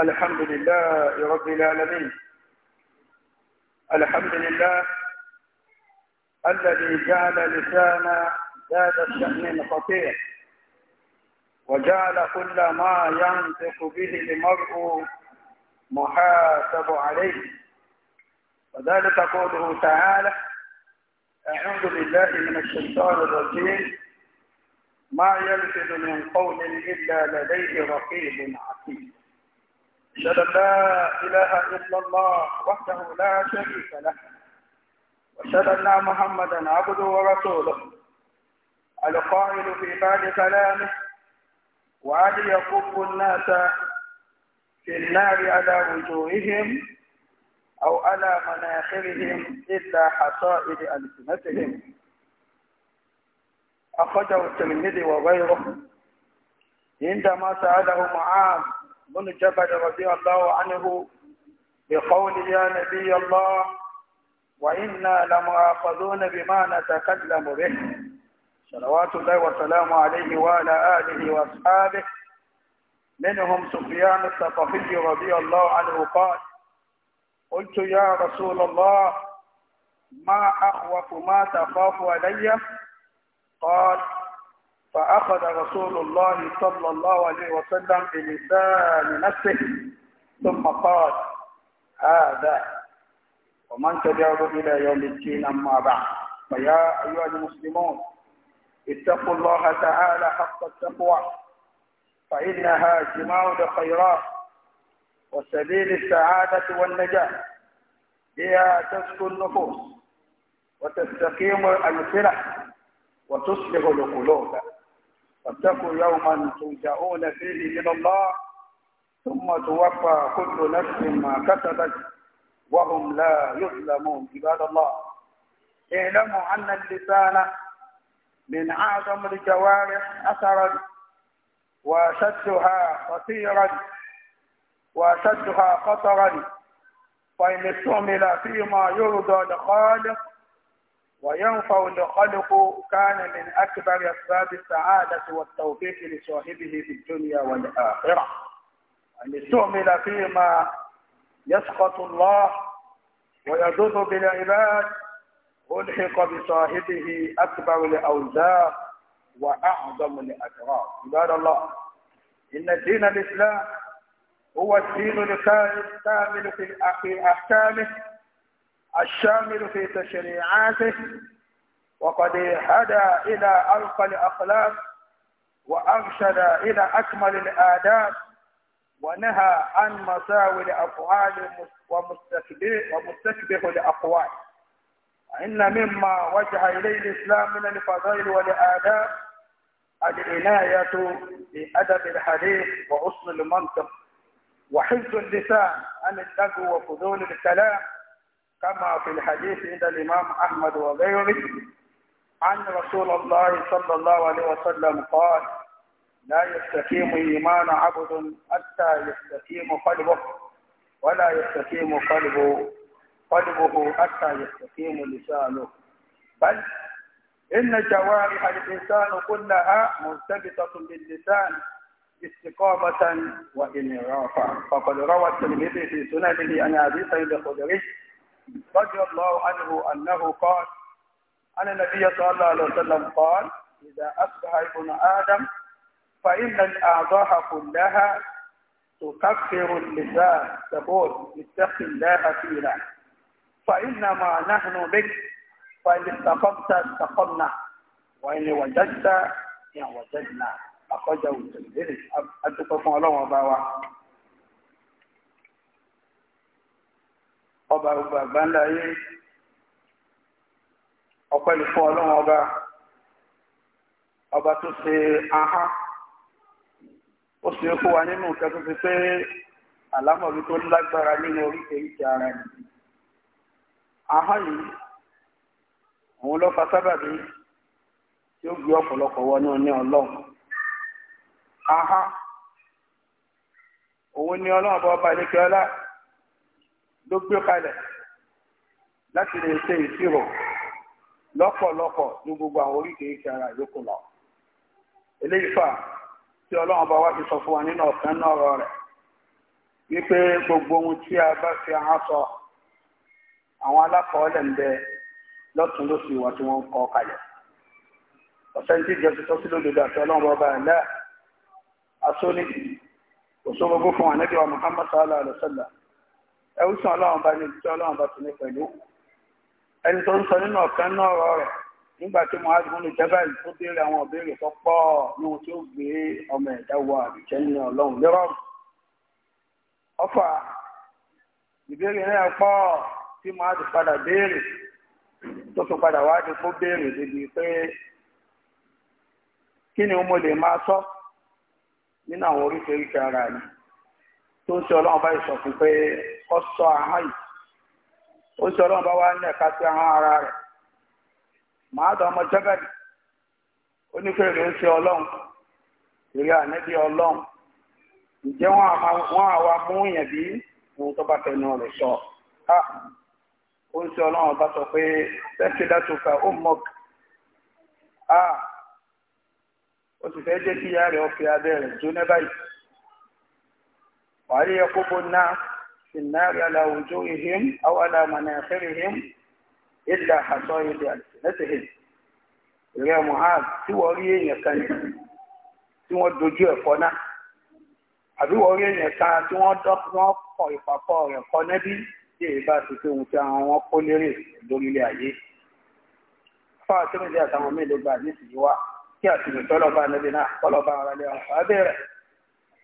الحمد لله رب العالمين الحمد لله الذي جعل لسان زاد الشأن خطير وجعل كل ما ينطق به المرء محاسب عليه وذلك قوله تعالى أعوذ بالله من الشيطان الرجيم ما يلفظ من قول إلا لديه رقيب عتيد أشهد أن لا إله إلا الله وحده لا شريك له وأشهد أن محمدا عبده ورسوله القائل في بعد كلامه وأن يكب الناس في النار على وجوههم أو على مناخرهم إلا حصائد ألسنتهم أخرجه الترمذي وغيره عندما سأله معاذ بن جبل رضي الله عنه بقول يا نبي الله وإنا لمؤاخذون بما نتكلم به صلوات الله وسلامه عليه وعلى آله وأصحابه منهم سفيان الثقفي رضي الله عنه قال قلت يا رسول الله ما أخوف ما تخاف علي قال فأخذ رسول الله صلى الله عليه وسلم بلسان نفسه ثم قال هذا ومن تجاوز إلى يوم الدين أما بعد فيا أيها المسلمون اتقوا الله تعالى حق التقوى فإنها جماع الخيرات وسبيل السعادة والنجاة هي تزكو النفوس وتستقيم الأمثلة وتصلح القلوب واتقوا يوما ترجعون فيه إلى الله ثم توفى كل نفس ما كسبت وهم لا يظلمون عباد الله اعلموا أن اللسان من أعظم الجوارح أثرا وأشدها خطيرا وأشدها خطرا فإن استعمل فيما يرضى لخالق وينفع الخلق كان من أكبر أسباب السعادة والتوفيق لصاحبه في الدنيا والآخرة أن يستعمل فيما يسخط الله ويذل بالعباد ألحق بصاحبه أكبر الأوزار وأعظم الأجرار عباد الله إن الدين الإسلام هو الدين الكامل في أحكامه الشامل في تشريعاته وقد هدى إلى أرقى الأخلاق وأرشد إلى أكمل الآداب ونهى عن مساوي الأفعال ومستكبه الأقوال وإن مما وجه إليه الإسلام من الفضائل والآداب العناية بأدب الحديث وحسن المنطق وحفظ اللسان عن اللغو وفضول الكلام كما في الحديث عند الإمام أحمد وغيره عن رسول الله صلى الله عليه وسلم قال لا يستقيم إيمان عبد حتى يستقيم قلبه ولا يستقيم قلبه قلبه حتى يستقيم لسانه بل إن جوارح الإنسان كلها مرتبطة باللسان استقامة وإنرافا فقد روى الترمذي في سننه عن أبي سعيد الخدري رضي الله عنه أنه قال أن النبي صلى الله عليه وسلم قال إذا أصبح ابن آدم فإن الأعضاء كلها تكفر اللسان تقول اتق الله فينا فإنما نحن بك فإن استقمت استقمنا وإن وجدت إن وجدنا أخرجه الترمذي أتقفوا الله وباوعه ọba gbogbo àgbáńdá yé ọpẹ́ lè fún ọlọ́run ọba ọba tó ṣe aha, ó ṣe fún wa nínú nǹkan tó fi pé àlámọ̀rí tó lágbára nínú oríkèéríkèé ara ẹ̀ ahá yìí òun ló fa sábàbí tí ó gbé ọ̀pọ̀lọpọ̀ wọnú ní ọlọ́run ahá òun ni ọlọ́run bá ọba ìlékè ọlá. ló gbé kalẹ̀ láti lè ṣe ìṣirò lọ́pọ̀lọpọ̀ ní gbogbo àwọn oríkèéríkè ara yòókù lọ. eléyìí fà tí ọlọ́run bá wá ti sọ fún wa nínú ọ̀sán náà ọ̀rọ̀ rẹ̀ wípé gbogbo ohun tí a bá fi ahọ́n sọ àwọn alákọ̀ọ́lẹ̀ ń bẹ lọ́tún lósì wa tí wọ́n ń kọ́ kalẹ̀. ọ̀sẹ̀ tí ìjọ ti sí lódodo ẹ̀rù sàn ọlọ́run bá ní ibi tí ọlọ́run bá ti ní pẹ̀lú ẹni tó ń sọ nínú ọ̀kan náà ọ̀rọ̀ rẹ̀ nígbà tí Mu'adh ibn Jabal tó béèrè àwọn ìbéèrè tó pọ̀ ní ohun tí ó gbé ọmọ ẹ̀dá wọ àbíkẹ́ ní ọlọ́run lérọ́ọ̀mù ọfà ìbéèrè náà pọ̀ tí Mu'adh padà béèrè tó tún padà wá di kó béèrè débi pé kí ni mo lè máa sọ nínú àwọn oríṣiríṣi ara yìí tó ń ṣe ọlọ́run bá ìṣọ̀ fún pé ọ sọ ahọ́n yìí ó ṣe ọlọ́run bá wá ní ẹ̀ka sí ahọ́n ara rẹ̀ màá dán ọmọ jẹ́bẹ̀lì onífèrè ń ṣe ọlọ́run ìrẹ́ ànẹ́bí ọlọ́run ǹjẹ́ wọ́n àwa mú yẹn bí ohun tó bá tẹnu rẹ̀ sọ ó ń ṣe ọlọ́run bá sọ pé ó ó sì fẹ́ jẹ́ kí وهل يكب الناس في النار على وجوههم أو على مناخرهم إلا حصائد ألسنتهم ìrẹ́ mohad tí wọ́n rí èèyàn kan yẹn tí wọ́n dojú ẹ̀ kọ́ náà àbí wọ́n rí èèyàn kan tí wọ́n dọ́kọ́ kọ ìpapọ̀ rẹ̀ nẹ́bí tí èyí bá ti pé ohun tí àwọn kó lérè lórílẹ̀ ayé fáwọn tí wọ́n jẹ́ àtàwọn mélòó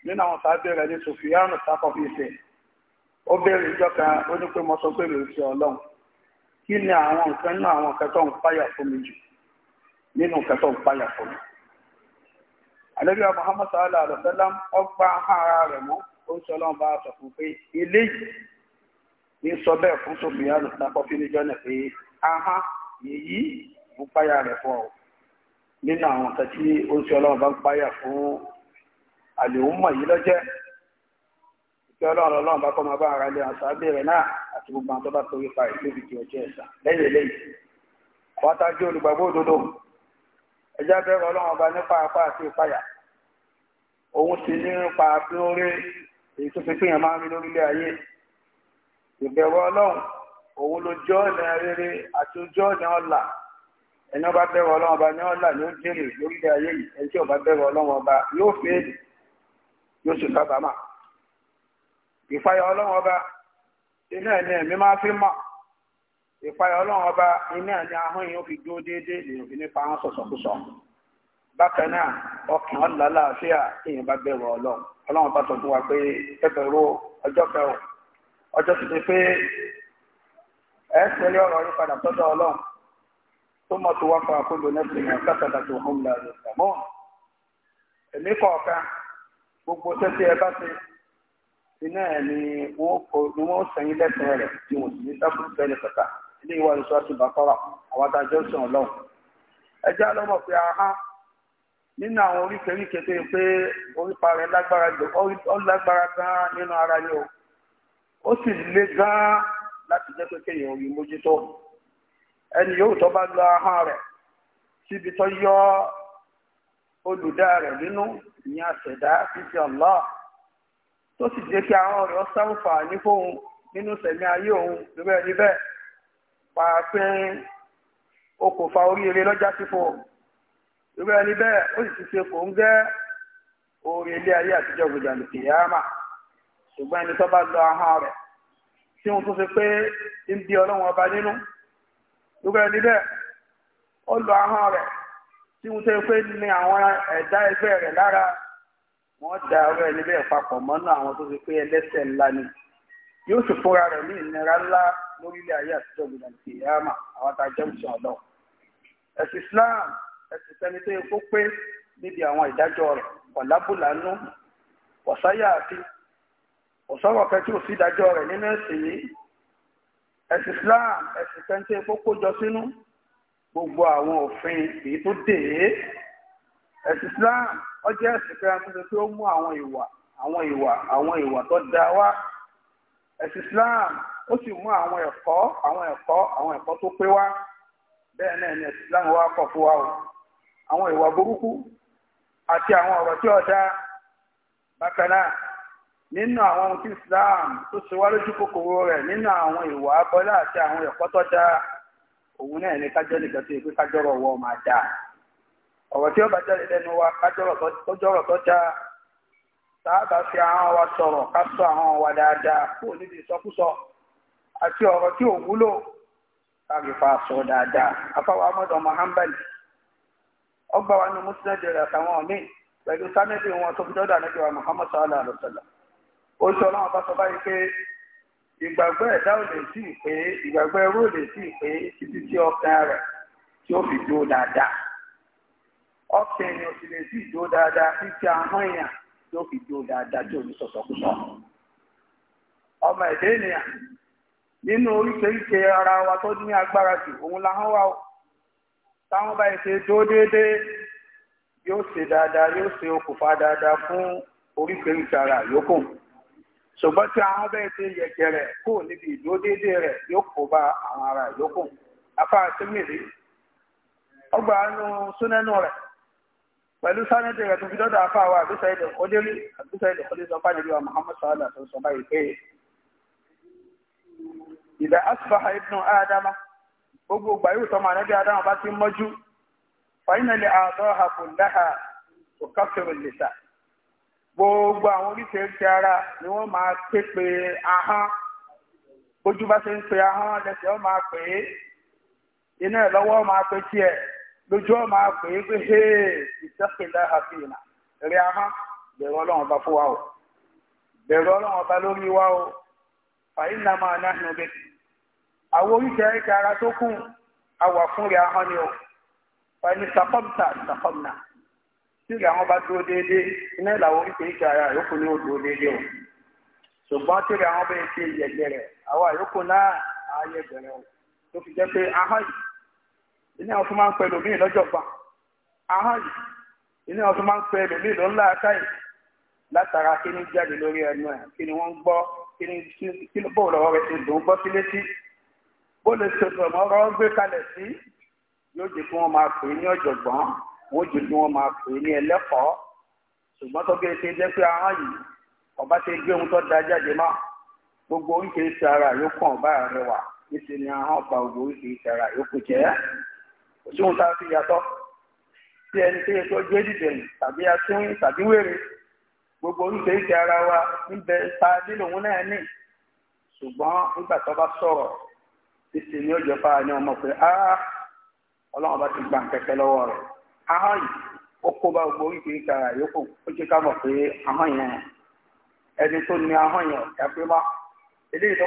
nínú àwọn sábẹ́ rẹ̀ ní sofiyanu sakọfíìsì ó bẹ̀rẹ̀ ìjọ kan ó ní pé mo sọ pé mi ò fi ọlọ́run kí ni àwọn nǹkan nínú àwọn nǹkan tó ń páyà fún mi jù nínú nǹkan tó ń páyà fún mi. àlejò Muhammad sallallahu alaihi wa sallam ó gbá ara rẹ̀ mọ́ ó ń sọ ọlọ́run bá a sọ fún pé eléyìí ní sọ bẹ́ẹ̀ fún sofiyanu sakọfíìsì jọ́nà pé aha èyí ń páyà rẹ̀ fún ọ nínú àwọn nǹkan tí ó ń sọ ọlọ́run bá ń páyà fún àlèhùnmọ̀ yìí lọ́jẹ́ ìfẹ́ ọlọ́run ọlọ́run bá kọ́ máa bá ara lé àwọn sábẹ́ rẹ̀ náà àti gbogbo àwọn tó bá torí pa ìlú ìdí ọjọ́ ẹ̀sà lẹ́yìn eléyìí àwọn tájú olùgbàgbọ́ òdodo ẹjá bẹ̀rẹ̀ ọlọ́run ọba nípa apá àti ìpayà òun sì ní nípa pín orí èyí tó fi pín yẹn máa ń rí lórílẹ̀ ayé ìbẹ̀rù ọlọ́run òun ló jọ́ ọ̀nà rere àti ojú ọ̀nà ọ̀la ẹni ọba bẹ̀rù ọlọ́run ọba ní ọ̀la ni yóò sì kábàámà ìfàyà ọlọ́run ọba iná ẹni ẹ̀mí máa fi mọ̀ ìfàyà ọlọ́run ọba iná ẹni ahọ́n yìí ó fi dúró déédéé lèyìn fi nípa àwọn sọ̀sọ̀kúsọ bákan náà ọkàn ọ̀là láàfíà èèyàn bá bẹ̀rù ọlọ́run ọlọ́run bá sọ fún wa pé ẹgbẹ̀rú ọjọ́ kẹrù ọjọ́ ti di pé ẹ ṣẹlẹ̀ ọ̀rọ̀ yìí padà sọ́dọ̀ ọlọ́run tó mọ̀ tó wá fún akóló nẹ́sìn ní ọ̀sán kàtàkì òhun làlùfàmọ́ ẹ̀mí kọ̀ọ̀kan gbogbo tẹ́tẹ́ ẹ bá ṣe iná ẹ̀ ni wọ́n kọ ni wọ́n sẹ́yìn lẹ́sẹ̀ rẹ̀ tí wọ́n sì ní dákúrú bẹ́ẹ̀ kàkà ilé ìwà ìṣọ́ àti bàkọ́rà àwọn adájọ́ sàn ọlọ́run ẹjẹ́ alọ́mọ̀ pé aha nínú àwọn oríkèéríkèé tó yẹ pé orípa rẹ̀ lágbára gan-an nínú ara yẹn o ó sì le gan-an láti jẹ́ pé kéèyàn rí mójútó ẹni yóò tó bá lo aha rẹ̀ síbi tó yọ ọ́ olùdá rẹ̀ nínú ìyẹn àṣẹ̀dá títí Allah tó sì jẹ́ kí àwọn ọ̀rọ̀ sáǹfà ní fóun nínú sẹ̀mí ayé òun níbẹ̀ níbẹ̀ pàápẹ́ okòfà oríire lọ́jà sípò ìwé ẹni bẹ́ẹ̀ ó sì ti ṣe kò ń gẹ́ orí ilé ayé àtijọ́ gbèjàndì kìyàmà ṣùgbọ́n ẹni tó bá lọ ahọ́n rẹ̀ tí wọ́n tún fi pé ń bí ọlọ́run ọba nínú ìwé ẹni bẹ́ẹ̀ ó lọ ahọ́n rẹ̀ tí wọ́n tẹ́ pé ní àwọn ẹ̀dá ẹgbẹ́ rẹ̀ lára wọ́n da ọ̀rọ̀ ẹni bẹ́ẹ̀ papọ̀ mọ́nà àwọn tó fi pé ẹlẹ́sẹ̀ ńlá ni yóò sì fúnra rẹ̀ ní ìnira ńlá lórílẹ̀ ayé àtijọ́ gbọdọ̀ ní kìyàmà àwọn tá a jẹ́ mùsùlùmí ọ̀dọ́ ẹ̀sìn Islam ẹ̀sìn sẹ́ni tó yẹ kó pé níbi àwọn ìdájọ́ rẹ̀ ọ̀làbùlánú ọ̀sáyà àti ọ̀sọ́rọ̀ kan tí ò sí ìdájọ́ rẹ̀ nínú ẹ̀sìn yìí ẹ̀sìn Islam ẹ̀sìn sẹ́ni tó yẹ kó kójọ sínú gbogbo àwọn òfin èyí tó dè é Islam ọjọ́ ẹ̀sìn kan tó mú àwọn ìwà àwọn ìwà àwọn ìwà tó da wá ẹ̀sìn Islam ó sì mú àwọn ẹ̀kọ́ àwọn ẹ̀kọ́ àwọn ẹ̀kọ́ tó pé wá bẹ́ẹ̀ náà ni Islam wá kọ̀ fún o àwọn ìwà burúkú àti àwọn ọ̀rọ̀ tí nínú àwọn ohun tí Islam tó ṣe wá lójú kòkòrò rẹ nínú àwọn ìwà àti àwọn tó dáa òun náà ní kájọ́ nìkan tó ka pé kájọ́rọ̀ wọ́ máa dáa ọ̀rọ̀ tí ó bá jáde lẹ́nu wa kájọ́rọ̀ tó dáa sáábà fi àwọn wa sọ̀rọ̀ ká sọ àwọn wa dáadáa kó àti ọ̀rọ̀ tí ò wúlò fa sọ dáadáa afáwọn ọgbà wa ní àtàwọn míì pẹ̀lú wọn tó fi dọ́dà níbi wa ìgbàgbọ́ ẹ̀dá ò lè sí ìpè ìgbàgbọ́ ẹrú ò lè sí ìpè títí tí ọkàn rẹ̀ tí ó fi dúró dáadáa ọkàn èèyàn sì lè sí ìdúró dáadáa títí ahọ́n èèyàn tí ó fi dúró dáadáa tí ò ní sọ̀sọ̀kúsọ. ọmọ ẹ̀dá ènìyàn nínú oríṣiríṣi ara wa tó ní agbára jù òun làwọn wà ó táwọn ṣe dúró déédéé yóò ṣe dáadáa yóò ṣe okùnfà dáadáa fún oríṣiríṣi ara yòókù. ṣùgbọ́n tí àwọn bẹ́ẹ̀ ti yẹ̀kẹ̀ rẹ̀ kó níbi ìdúró déédéé rẹ̀ yóò kó bá àwọn ará ọgbà nù súnẹ́nu rẹ̀ pẹ̀lú sánẹ́dì rẹ̀ tó fi dọ́dọ̀ wa àbísà ilẹ̀ kọ́délé àbísà ilẹ̀ sọ fáyẹ̀lú wa Muhammad sọ́ọ́lá tó sọ báyìí pé ìdá ibnu adama gbogbo ìgbà yóò tọ́ màánẹ́bí adama bá ti mọ́jú gbogbo àwọn oríṣiríṣi ara ni wọ́n máa ké pe ahọ́n bójú bá ṣe ń pe ahọ́n lẹ́sẹ̀ ó máa pè é iná ẹ̀ lọ́wọ́ máa pe tiẹ̀ lójú ó máa pè é pé àfihàn rí bẹ̀rù ọba fún wa o bẹ̀rù ọlọ́run ọba lórí wa o fàyín náà máa náà nù bẹ́ẹ̀ àwọn oríṣiríṣi ara tó kù a fún rí ni o fàyín tí ìgbà wọn bá dúró déédéé iná ìlàwọ oríṣiríṣi ara àyókù ni ó dúró déédéé o ṣùgbọ́n tí ìgbà wọn bẹ ṣe ìyẹ̀gbẹ̀rẹ̀ àwọn àyókù náà ààyè bẹ̀rẹ̀ o tó fi jẹ́ pé ahọ́n yìí iná ọ̀tún máa ń pẹ́ lómi lọ́jọ́gbà ahọ́n yìí iná ọ̀tún máa ń pẹ́ lómi lọ́nlá akáyì látara kí ni jáde lórí ẹnu ẹ̀ kí ni wọ́n gbọ́ kí ni bóòlù lọ́wọ́ rẹ̀ ṣe dùn gbọ́ sí létí bóòlù ṣe dùn ọ̀rọ̀ gbé kalẹ̀ sí yóò jẹ́ kí wọ́n máa pè é ní ọ̀jọ̀gbọ́n wọ́n jù kí wọ́n máa pè é ní ẹlẹ́kọ̀ọ́ ṣùgbọ́n tó kéré ṣe jẹ́ pé ahọ́n yìí ọba ṣe gbé ohun tó da jáde mọ́ gbogbo oríṣiríṣi ara yóò kàn ọba rẹ wà níṣẹ́ ni ahọ́n pa gbogbo oríṣiríṣi ara yóò kù jẹ́ kò tá a fi yàtọ̀ sí ẹni tó yẹ gbé dìde tàbí atúnyìn tàbí wèrè gbogbo oríṣiríṣi ara wa níbẹ̀ ta nínú náà ní ṣùgbọ́n nígbà tó bá sọ̀rọ̀ níṣẹ́ ni ó jẹ́ fáwọn ọmọ pé ọlọ́run bá ti gbà ń kẹ́kẹ́ lọ́wọ́ rẹ̀ ahọ́n yìí ó kó bá gbogbo oríṣiríṣi ara yòókù ó jẹ́ ká mọ̀ pé ahọ́n yẹn ẹni tó ní ahọ́n yẹn ọ̀dà má eléyìí tó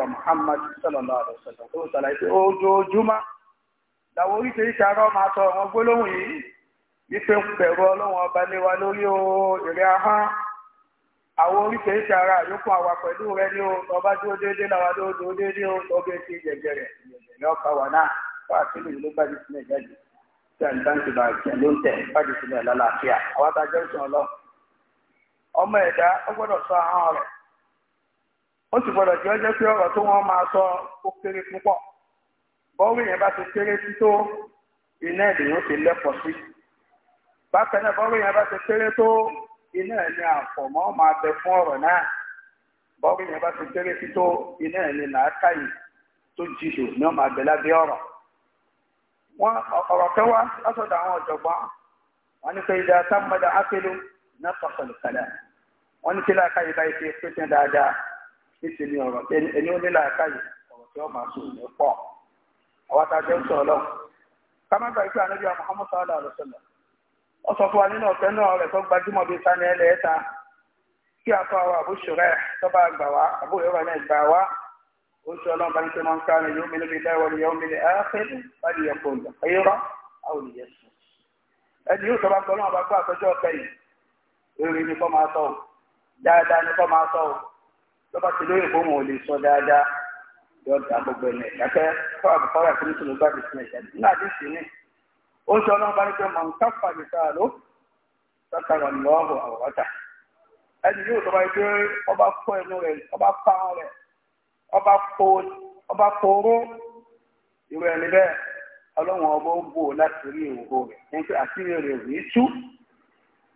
wa Muhammad sallallahu alaihi wasallam tó sàlàyé pé ojoojúmọ́ làwọn oríṣiríṣi sọ àwọn gbólóhùn yìí wípé ń ọba lé wa lórí o èrè àwọn yòókù àwa pẹ̀lú rẹ ọba dúró déédéé làwa dúró déédéé o ti jẹjẹrẹ tẹ̀ǹtẹ̀ǹtì bá jẹ́ ló ń tẹ̀ bájú sílẹ̀ lálàáfíà àwọn àtàjọ́ ìṣàn lọ. ọmọ ẹ̀dá ó gbọ́dọ̀ sọ ahọ́n rẹ̀ ó sì gbọ́dọ̀ jẹ́ ọjọ́ pé ọ̀rọ̀ tó wọ́n máa sọ ó kéré púpọ̀ bọ́ọ̀rù yẹn bá ti kéré sí tó iná ti lẹ́pọ̀ sí bákan náà bọ́ọ̀rù yẹn bá ti kéré tó iná àfọ̀mọ́ máa bẹ fún ọ̀rọ̀ náà bọ́ọ̀rù wọn ọ̀rọ̀ kan wá lásọ̀dọ̀ àwọn ọ̀jọ̀gbọ́n wọ́n ní pé ìdá sámọ́dà ákélú náà sọ̀kọ̀lù kàlà wọ́n ní kí làákàyè báyìí ṣe pínpín dáadáa títí ní ọ̀rọ̀ ẹni ó ní làákàyè ọ̀rọ̀ tí wọ́n máa sọ ní pọ̀ àwọn ń sọ̀rọ̀ sallallahu sọ fún wa nínú ó sọ ọlọ́run bá ní pé máa ń kárin yóò mílíọ̀nù bíi dáwọ́ ìyá omi ní ááfẹ́lì láti yẹ kó lọ ẹ̀yọ́rọ́ àwọn olùyẹ sùn. ẹni yóò sọba gbọ́ náà bá gbọ́ àtọ́jú ọ̀kẹ́ yìí eré ni kọ́ máa sọ ọ́ dáadáa ni kọ́ máa sọ ọ́ lọ́ba ti lóyè fún òun ò lè sọ dáadáa yọ ọ̀dà gbogbo ẹ̀ nàìjíríà kọ́ àbùkọ́rẹ́ àti nítorí gbà bí sinmi ìjàdí nígbà tí sì ní ó sọ ọlọ́run bá ní pé mọ̀ nǹkan fàmì sáà ló sọ́kàrà lọ́ọ̀rọ̀ àwọ̀wọ́ta ẹni yóò sọ bá yẹ pé ọba fọ ẹnu rẹ̀ ọba pa ọ rẹ̀ ọba kóró ìwé ẹni bẹ́ẹ̀ ọlọ́wọ́n ọba ó bò láti rí ìwòho rẹ̀ ní pé àṣírí rẹ̀ rí tú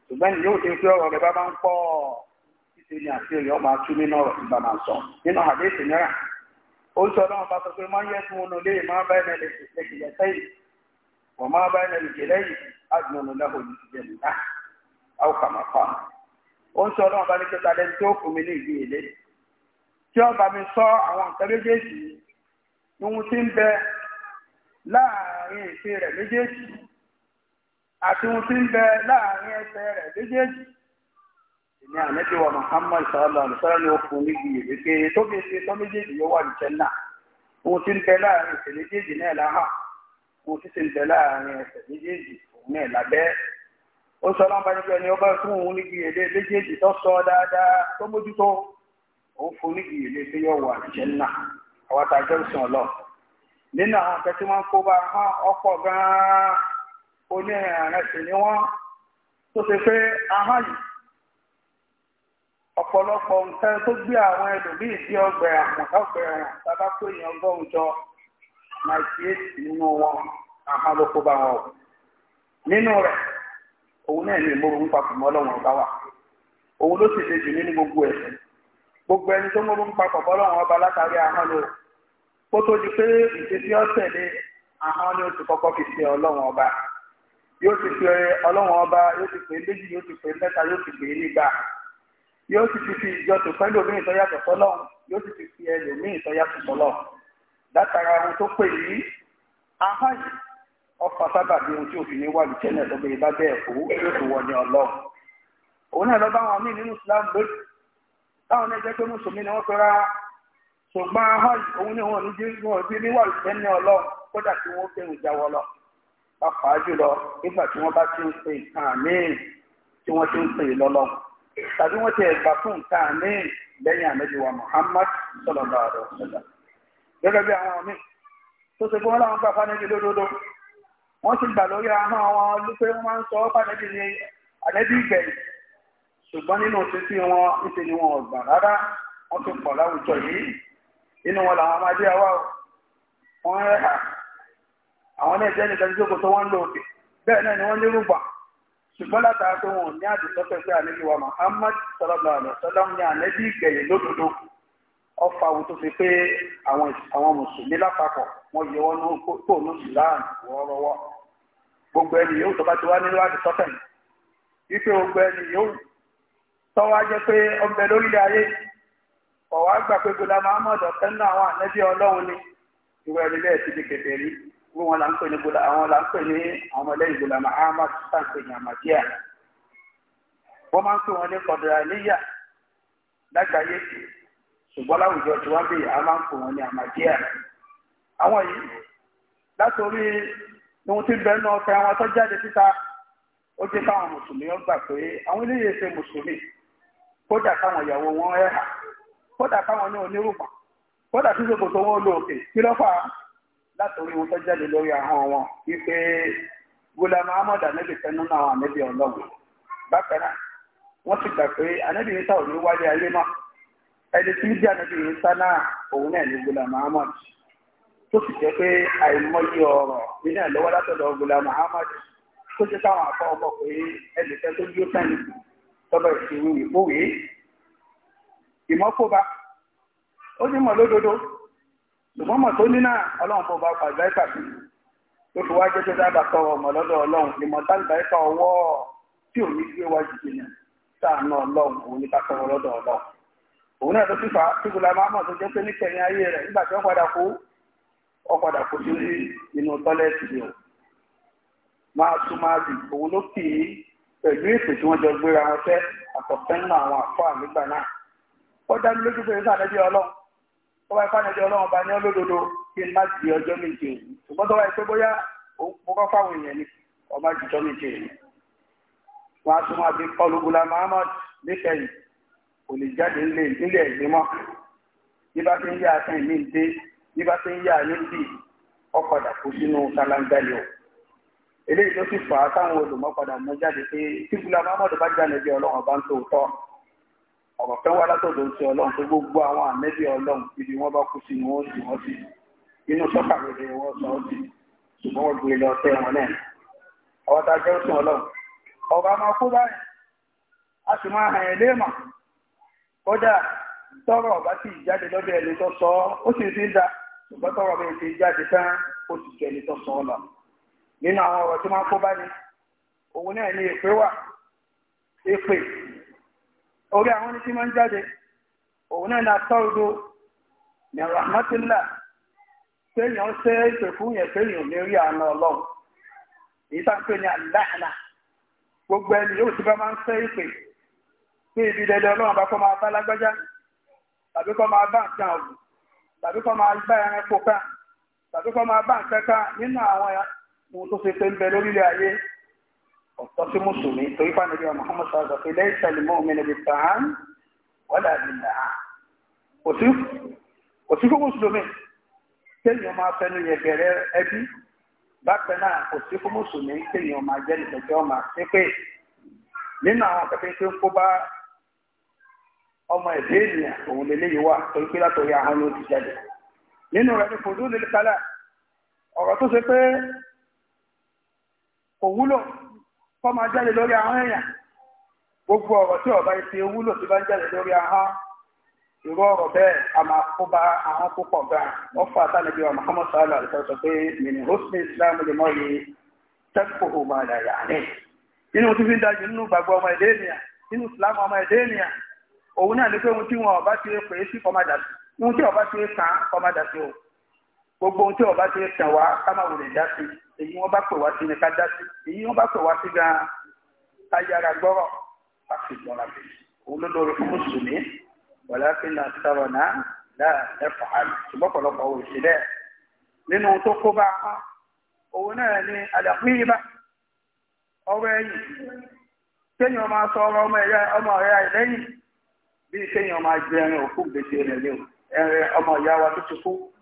ṣùgbọ́n ní yóò ṣe pé ọ̀rọ̀ rẹ̀ bá máa ń pọ̀ títí ní àṣírí rẹ̀ ọmọ atú nínú ọ̀rọ̀ ìgbà máa sọ nínú àdéhùn náírà ó sọ ọlọ́wọ́n bá sọ pé máa yẹ fún un wọ́n máa bá ẹnẹ lè ṣe lẹ́yìn àdùnnú lẹ́hùn olùsíjẹ́ nìyà àwòkàmọ̀kọ́ ó ń sọ ọlọ́wọ́n bá ní kí ó ta lẹ́ni tó fún mi ní ìdí tí ó bá mi sọ àwọn nǹkan méjèèjì ohun tí ń bẹ láàrin ètè rẹ̀ méjèèjì àti ohun tí ń bẹ láàrin ẹsẹ̀ rẹ̀ méjèèjì ìní ànẹ́bí wa Muhammad sallallahu alaihi wasallam ni ó fún níbi ìrèké tó fi ṣe tó méjèèjì yóò wà ní jẹ́nà ohun tí ń bẹ láàrin ètè méjèèjì náà láhà ohun tí ń bẹ láàrin ẹsẹ̀ méjèèjì òun náà lábẹ́ ó sọ láǹbà nípa ẹni ọba fún òun níbi èdè méjèèjì tó sọ dáadáa tó mójútó. ó forí ìyèlé pé yóò wà jẹ́ nà àwọn a jẹ́ òsùn ọ̀lọ́ nínú àwọn akẹ́ tí wọ́n kó bá hàn ọ̀pọ̀ gan-an onírìn àrẹsì ni wọ́n tó ṣe pé ahọ́n yìí ọ̀pọ̀lọpọ̀ nǹkan tó gbé àwọn ẹlòmíì sí ẹ̀wọ̀n ọgọ́rùn-ún jọ nínú wọn ahọ́n ló kó bá wọn o nínú rẹ̀ òun náà ni ìmọ̀ràn papọ̀ mọ́ ọlọ́run ọba wa gbogbo ẹni tó mọ́rún papọ̀ bọ́lọ́run ọba látàrí ahọ́n ló kó tó di pé ìṣesí ọ̀tẹ̀lé ahọ́n ni ó ti kọ́kọ́ fi ṣe ọlọ́run ọba yóò ti pe ọlọ́run ọba yóò ti pe méjì yóò ti pe mẹ́ta yóò ti pe nígbà yóò ti fi ìjọ tó pẹ́ lómi ìtọ́yàtọ̀ sọ́lọ́run yóò ti fi ẹlòmí ìtọ́yàtọ̀ sọ́lọ́run látara ohun tó pè yí ahọ́n yìí ọfà sábà bí ohun tí òfin ní wà lùtẹ́lẹ̀ lọ́gbẹ̀ẹ́ bá bẹ́ẹ̀ kó yóò tó wọ ní ọlọ́run òun náà lọ́ bá wọn míì nínú Islam lónìí táwọn ẹgbẹ́ pé mùsùlùmí ni wọ́n pera ṣùgbọ́n ahọ́n òun ni wọn ò ní jí wọn bí níwà lùfẹ́ ọlọ́run kódà tí wọ́n lọ. jùlọ nígbà tí wọ́n bá ti ń tí wọ́n ti ń pè tàbí wọ́n ti ẹ̀gbà fún nǹkan míì lẹ́yìn Muhammad gẹ́gẹ́ bí àwọn wọn ṣùgbọ́n nínú títí wọn níṣe ni wọn ò gbà rárá wọ́n ti pọ̀ láwùjọ yìí inú wọn làwọn ọmọdé àwa wọn rẹ̀ àwọn náà jẹ́ nìkan tó wọ́n lò òkè bẹ́ẹ̀ náà ni wọ́n lérò gbà ṣùgbọ́n látara tó wọn ò ní àdìsọ́fẹ́ pé àlejò wa Muhammad sallallahu alaihi wasallam ní ànẹ́bí ìgbẹ̀yìn lódodo ọfà wo tó fi pé àwọn mùsùlùmí lápapọ̀ wọ́n yẹ wọ́n kó ní islam wọ́ọ́rọ́wọ́ gbogbo ẹni yóò tó tọ́wọ́ jẹ́ pé ọbẹ̀ lórílẹ̀ ayé ọ̀wá gbà pé gbọ́dá Muhammad ọ̀fẹ́ àwọn ànẹ́bí ọlọ́run ni ìwé ẹ̀rílẹ̀ ti di kẹ̀kẹ́ rí wọ́n wọn là ń pè ní gbọ́dá àwọn là ń pè ní àwọn ọlẹ́yìn gbọ́dá Muhammad sáǹpẹ̀ ní àmàdíà wọ́n máa ń pè wọn ní kọ̀dọ̀rà níyà lágbàáyé ṣùgbọ́n láwùjọ tí wọ́n bí a máa ń pè wọn ní àmàdíà àwọn yìí látòrí ohun tí bẹ́ẹ̀ náà fẹ́ kódà káwọn ìyàwó wọn ẹ̀hà kódà káwọn náà onírùpà kódà tí ṣòkòtò wọn lò kí ló látòrí wọn tó jáde lórí wọn wípé anabi fẹ́ nínú àwọn anabi ọlọ́run bákan náà wọ́n ti gbà pé anabi yìí sáwọn ní wáyé ayé náà ẹni tí ń jẹ́ anabi yìí sá náà òun náà ní gulama ahmed tó sì jẹ́ pé àìmọye ọ̀rọ̀ nínú látọ̀dọ̀ tó ti káwọn àkọ́ ọkọ̀ pé tọ́lọ̀ ìṣòro ìkówé wee. ó ní mọ̀ lódodo ṣùgbọ́n mọ̀ tó ní náà ọlọ́run tó bá pa àgbáyíkà sí tó fi wá jẹ́jẹ́ dábàá tọrọ ọmọ lọ́dọ̀ ọlọ́run ìmọ̀ tálùbáyíkà ọwọ́ tí ò ní gbé wá jìjì náà sáànà ọlọ́run òun ní ọlọ́run òun náà tó jẹ́ pé ayé rẹ̀ nígbà tí padà padà pẹ̀lú ìpè tí wọ́n jọ gbéra wọn tẹ́ àtọ̀tẹ́ nínú àwọn àfáà nígbà náà ó dá mi lójú pé nígbà nẹ́bí ọlọ́run tó bá ipá nẹ́bí ọlọ́run bá ní olódodo kí n má di ọjọ́ méje èyí ṣùgbọ́n tó bá ipé bóyá mo kọ́ fáwọn èèyàn ni ọmọ ìjọ méje èyí wọn a tún máa fi kọ́ lógúnlá Muhammad níkẹyìn kò lè jáde nílé ẹ̀gbẹ́mọ́ bí bá ti ń yá akẹ́yìn ní ń dé bí bá ti ń eléyìí tó sì fà á táwọn olùmọ́padà mú jáde pé tíbúlà muhammadu bá jáde bí ọlọ́run ọba ń tó tọ́ ọ̀rọ̀ fẹ́ wá látọ̀dọ̀ ti ọlọ́run pé gbogbo àwọn àmẹ́bí ọlọ́run ibi wọ́n bá kú sí ni wọ́n sì wọ́n sí inú sọ́kà rere wọ́n sọ ọ́ sí ṣùgbọ́n wọ́n gbé lọ tẹ́ wọn náà ọ̀rọ̀ ta jẹ́ òsùn ọlọ́run ọ̀rọ̀ a máa kú báyìí a sì máa hàn ẹ́ léèmọ̀ kódà tọrọ ọba sì jáde lọ́dọ̀ ẹni tó sọ ó sì ti ń da ṣùgbọ́n tọrọ mi ti jáde tán ó sì jẹ́ ẹni tó sọ ọ lọ́nà nínú àwọn ọ̀rọ̀ tí wọ́n kó bá ní òun náà ní èpè wà èpè orí àwọn ní tí wọ́n ń jáde òun náà náà tọ́rọdó mẹ̀rọ àmọ́tílà téèyàn ṣe fún yẹn téèyàn ní rí àánú ọlọ́run èyí ní gbogbo ẹni yóò ti bá máa ń ṣe ibi dẹdẹ ọlọ́run bá kọ́ máa bá lágbájá tàbí kọ́ máa bá nǹkan ọ̀gbìn tàbí kọ́ máa bá ẹranko tàbí kọ́ máa bá nǹkan nínú tó ṣe pé ń bẹ lórílẹ̀ ayé ọ̀tọ́ sí mùsùlùmí torí pàdánù Muhammad sàgbà pé lẹ́yìn sàlìmọ́ òmìnira bí tàn wọ́dà àdìlà kò sí fún mùsùlùmí kéèyàn máa fẹnu yẹ̀gẹ̀rẹ̀ ẹbí bákan náà kò sí fún mùsùlùmí kéèyàn máa jẹ́ nìkẹ́kẹ́ ọmọ àtẹ́pẹ́ nínú àwọn kẹ́kẹ́ tó ń kó bá ọmọ ẹ̀dẹ́ ènìyàn òun lè léyìí wà torí pé látòrí àwọn ló ti jáde nínú rẹ̀ ní fòdú Owulo wúlò kọ́ máa jáde lórí èèyàn gbogbo ọ̀rọ̀ tí ọ̀bá ìfi wúlò tí bá ń jáde lórí ahọ́n ọrọ ọ̀rọ̀ bẹ́ẹ̀ a máa kó bá ahọ́n púpọ̀ gan wọ́n fà sálẹ̀ bí wọn Muhammad sallallahu alaihi pé mìíní hosni islam lè mọ yà ní. inú tí fi ń ọba ti pè é sí kọ́mádà gbogbo ohun tí wọ́n bá ti tàn wá ká máa wò lè dá sí èyí wọ́n bá pè wá sí ni ká dá sí èyí wọ́n bá pè wá sí gan ká yára gbọ́rọ̀ ká sì gbọ́ra bẹ̀ òun ló lórí fún mùsùlùmí wàlá fi nà sábà náà láà ẹ̀fà àlù ṣùgbọ́n pọ̀lọpọ̀ òun ṣe bẹ́ẹ̀ nínú tó kó bá a kán òun náà ni àdàkùnrin ọ̀rọ̀ ẹ̀yìn kéèyàn máa sọ ọ̀rọ̀ ọmọ ẹ̀yà ọmọ ẹ̀yà ìlẹ́yìn bí kéèyàn máa jẹ ẹran òkú gbèsè rẹ̀ ọmọ ìyá wa tó ti kú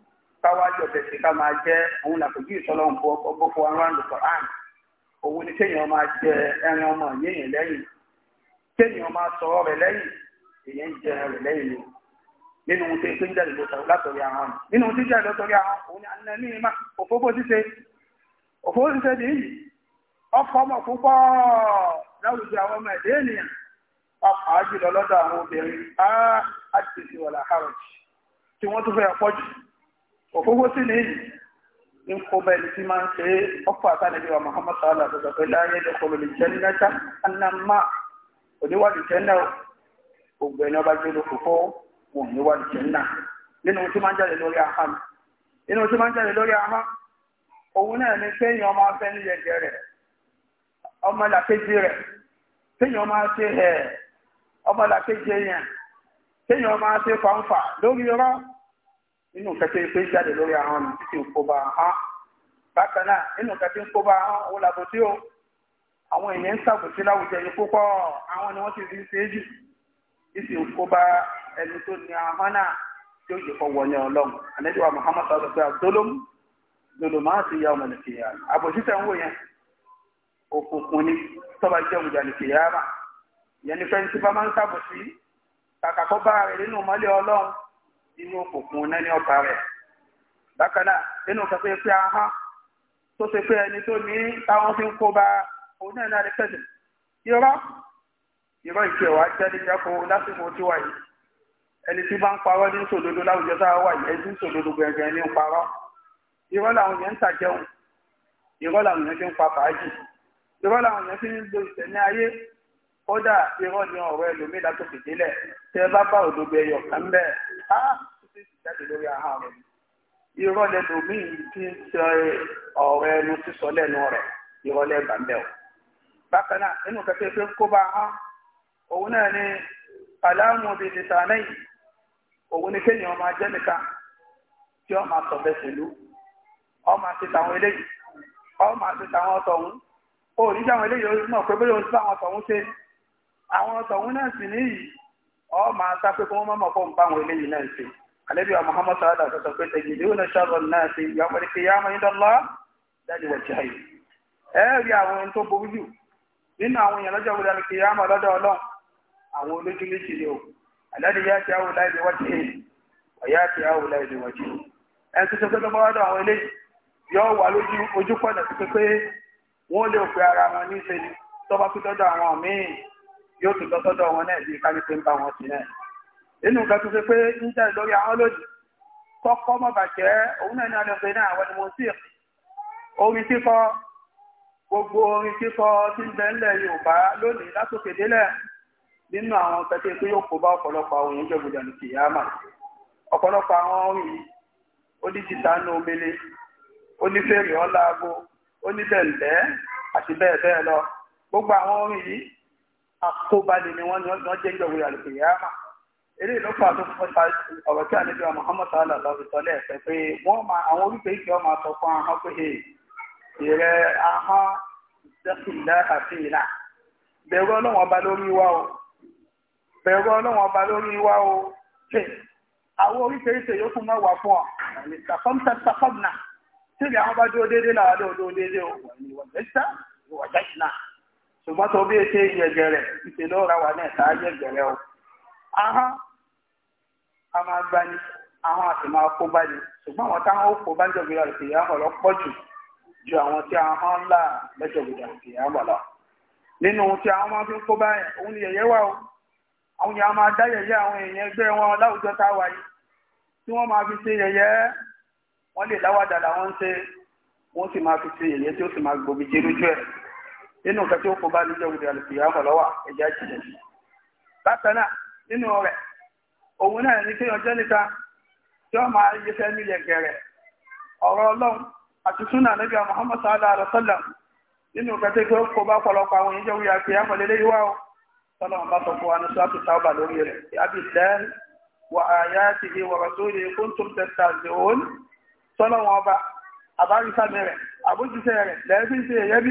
káwájọ tẹ̀sí ká máa jẹ́ òun làkòjú ìsọlọ ń bọ́ ọgbọ́n fún aráàlú Quran òun ni kéèyàn máa jẹ ẹran ọmọ yéèyàn lẹ́yìn kéèyàn máa sọ rẹ̀ lẹ́yìn èèyàn ń jẹ rẹ̀ lẹ́yìn ni nínú ohun tí ń pín jáde lọ́tọ̀ látọ̀rí àwọn nínú ohun tí jáde lọ́tọ̀rí àwọn òun ni àná ní ìmá òfófó ṣíṣe òfófó ṣíṣe dì í ọkọ̀ ọmọ púpọ̀ láwùjọ àwọn ọmọ ẹ̀dẹ́ ènìyàn ọkọ̀ àjùlọ lọ́dọ̀ àwọn obìnrin á àti ìwọ̀là harrods tí wọ́n tún fẹ́ pọ̀ jù òfófó sí ni ń kó bá ẹni tí máa ń ṣe ọkọ̀ àtàlẹ́bí wa Muhammad sallallahu alaihi wa sallam pẹ̀lú ayé lẹ́kọ̀ọ́ jẹ́ nígbàtà anamá oníwádìí jẹ́ náà gbogbo ẹni ọba jẹ́ olófófó wọn jẹ́ náà nínú tí máa ń jáde lórí nínú tí máa ń jáde lórí òun náà ni kéèyàn ní rẹ̀ ọmọ làkejì rẹ̀ kéèyàn máa ṣe ẹ̀ ọmọ làkejì yẹn kéèyàn máa ṣe fanfa lórí nínú kẹtẹ pé jáde lórí àwọn ọ̀nà títí ń kóbá hàn bákan náà nínú kẹtẹ ń kóbá hàn ó làbòtí o àwọn èèyàn ń ṣàbòsí láwùjọ yìí púpọ̀ àwọn ni wọ́n ti fi ṣe é jù títí ń kóbá ẹni tó ní ahọ́n náà tí ó yẹ kọ́ wọlé ọlọ́run àlejò Muhammad sọ̀rọ̀ pé àdólóm dolomáàtì yà ọmọ nìkìyà àbòsí tẹ̀ ń wò yẹn òkùnkùn ni tọ́ba jẹ́ òjà nìkìyà mà yẹn ni fẹ́ntì bá máa ń ṣàbòsí kàkàkọ́ bá rẹ̀ nínú mọ́lẹ̀ ọlọ́run inú òkùnkùn náà ní ọba rẹ̀ bákan náà nínú kẹfẹ pé ahọ́n tó ṣe pé ẹni tó ní táwọn fi ń kó bá òun náà náà lè pẹ̀lú irọ́ irọ́ ìṣe wa jẹ́ níjàpọ̀ lásìkò tí wà yìí ẹni tí bá ń parọ́ ní sòdodo láwùjọ tá a wà yìí ẹni tí ń sòdodo gẹ̀gẹ̀ ní ń parọ́ irọ́ làwọn yẹn ń tà jẹun irọ́ làwọn yẹn fi ń pa fàájì irọ́ làwọn yẹn fi ń lo ìtẹ̀ní ayé kódà irọ́ ni ọ̀rọ̀ ẹlòmíì látòkè délẹ̀ tẹ́ ẹ bá bá òdodo ẹyọ kan bẹ́ẹ̀ á sì ti jáde lórí ahọ́n rẹ̀ irọ́ lẹlòmíì ti ń sọ ọ̀rọ̀ ẹnu sísọ lẹ́nu rẹ̀ irọ́ lẹ́gbàá ń bẹ̀ o. bákan náà nínú kẹfẹ́ fẹ́ kó bá hán òun náà ni aláàmú bíi nìtànà yìí òun ni kéèyàn máa jẹ́ nìkan tí ó máa sọ bẹ́ẹ̀ sílú ó tàwọn eléyìí ó máa tàwọn tọ̀hún òun níjà àwọn eléyìí ó mọ̀ pé bóyá ó ti bá àwọn tọ̀hún ṣe àwọn tọ̀hún náà sì níyì ọ máa sá pé kí wọ́n má eléyìí náà ṣe àlẹ́bí Muhammad sallallahu alaihi wa sallam pé tẹ̀gìdì ṣàrọ̀ náà ṣe ìyàwó ní kíyà máa ń dọ́lá dájú wọ̀ jẹ́ ẹ rí àwọn ohun tó jù nínú àwọn èèyàn lọ́jọ́ máa lọ́dọ̀ àwọn olójú o àlẹ́bí ya ti àwọn láì ọ̀yá ti àwọn láì àwọn fi yóò tún tọ́tọ́dọ̀ wọn náà bí kálípé ń bá wọn sí náà inú nǹkan tó ṣe pé ń jẹ́ lórí àwọn lónìí kọ́kọ́ mọ́ bàjẹ́ òun náà ní ọlọ́pẹ́ náà àwọn ni mo sì orin kíkọ gbogbo orin kíkọ tí ń bẹ ńlẹ̀ Yorùbá lónìí látòkè délẹ̀ nínú àwọn pẹ̀tẹ́ pé yóò kó bá ọ̀pọ̀lọpọ̀ àwọn oúnjẹ gbọdọ̀ ní kìyàmà ọ̀pọ̀lọpọ̀ àwọn orin ní omele ọ̀làgbo àti bẹ́ẹ̀ àkóbálẹ ni wọn yọ jẹ ìjọba ìyàlẹ pé yàrá mà eré ìlọpàá tó fọ ta ọ̀rọ̀ tí àlejò àwọn Muhammad sallah lọrọ sọ lẹ́ẹ̀fẹ̀ pé wọn máa àwọn oríkèéríkè ọmọ àtọ fún ahọ́n pé he ìrẹ ahọ́n ìdẹkùnlẹ àfihàn bẹ̀rù Ọlọ́run ọba lórí wa o bẹ̀rù Ọlọ́run ọba lórí wa o àwọn oríṣiríṣi yóò fún mẹ́wàá fún ọ ìsàkọ́mta sàkọ́mna síbi àwọn bá dúró déédéé làwọn dúró déédéé ṣùgbọ́n tó bí ṣe yẹ̀gẹ̀rẹ̀ ìṣe ló ra wà náà tá a yẹ̀gẹ̀rẹ̀ o. ahọ́n a máa gbá ní ahọ́n àti máa kó bá ní ṣùgbọ́n àwọn táwọn ó kó bá ń jọ̀gbìn àti ìyàmọ̀ lọ pọ̀ jù ju àwọn tí ahọ́n ńlá lẹ́jọ̀gbìn àti ìyàmọ̀ lọ. nínú ohun tí àwọn máa fi ń kó bá yẹn òun ni yẹ̀yẹ́ wà o àwọn èèyàn máa dá yẹ̀yẹ́ àwọn èèyàn ẹgbẹ́ wọn láwùjọ tá a wà yìí tí wọ́n máa fi ṣe yẹ̀yẹ́ wọ́n lè láwàdà làwọn ń ṣe wọ́n sì máa fi ṣe yẹ̀yẹ́ tí ó sì máa gbòmìjì lójú ẹ̀ nínú nǹkan tí ó kó bá nílé òde àlùkìyàmọ lọ́wọ́ ẹjẹ jìnnà sí bákan náà nínú rẹ̀ òun náà ní kéèyàn jẹ níta tí ó máa yẹ fẹ nílẹ gẹrẹ ọ̀rọ̀ Ọlọ́run àti súnà níbi Muhammad sallallahu alaihi wasallam nínú nǹkan tí ó kó bá pọ̀lọpọ̀ àwọn ìjọ òde àlùkìyàmọ lélẹ yìí wá o sọlọmọ bá sọ fún wa ní sọlọtù táwọn bá lórí rẹ̀ àbí lẹ́ẹ̀rì wà áyá ti di wà tó tẹ̀ta zòón sọlọmọ ọba àbárísàmì rẹ̀ àbójútẹ rẹ̀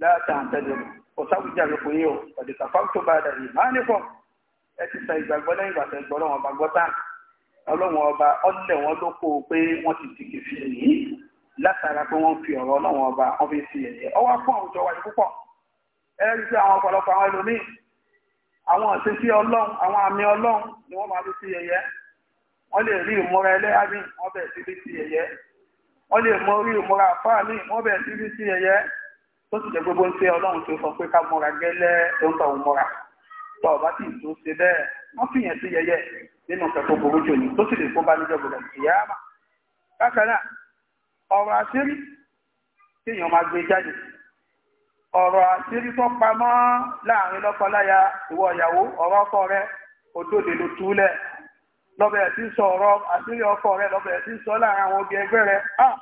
láti àǹtẹ̀jọ ọ̀sáwùjà rẹ̀ kò yé o ọ̀dẹ̀kà fáwùtò bá dà yìí máa nífọ̀ ẹ ti sa ìgbàgbọ́ lẹ́yìn ìgbà tẹ̀ gbọ́dọ̀ wọn gbàgbọ́ tán ọlọ́run ọba ọ̀lẹ̀ wọn ló kó o pé wọ́n ti dìgì fi èyí látara pé wọ́n fi ọ̀rọ̀ ọlọ́run ọba wọ́n fi fi ẹ̀yẹ ọwọ́ fún àwùjọ wa yìí púpọ̀ ẹ rí sí àwọn ọ̀pọ̀lọpọ̀ àwọn ẹlòmíì àwọn àṣeṣe ọlọ́run àwọn àmì ọlọ́run ni wọ́n máa fi fi ẹ̀yẹ wọ́n lè rí ìmúra ẹlẹ́yàmí wọ́n bẹ̀ẹ̀ sí fi ẹ̀yẹ wọ́n lè mọ orí ìmúra àfáà míì wọ́n bẹ̀ẹ̀ sí fi ẹ̀yẹ ó sì jẹ́ gbogbo ń ṣe ọlọ́run tó sọ pé ká mọ́ra gẹ́lẹ́ tó ń tọ̀hún mọ́ra tó ọba tí ìtò ṣe bẹ́ẹ̀ wọ́n fi yẹn sí yẹyẹ nínú ìfẹ́ tó burú jòyìn tó sì lè kó bá níjọ́ gbọdọ̀ ìyá àmà bákan náà ọ̀rọ̀ àṣírí tí èèyàn máa gbé jáde ọ̀rọ̀ àṣírí tó pamọ́ láàrin lọ́kọláya ìwọ ìyàwó ọ̀rọ̀ ọkọ rẹ òdòdè ló túlẹ̀ lọ́bẹ̀ẹ́ tí ń sọ ọ̀rọ̀ àṣírí ọkọ rẹ lọ́bẹ̀ẹ́ tí ń sọ láàrin àwọn obì ẹgbẹ́ rẹ ah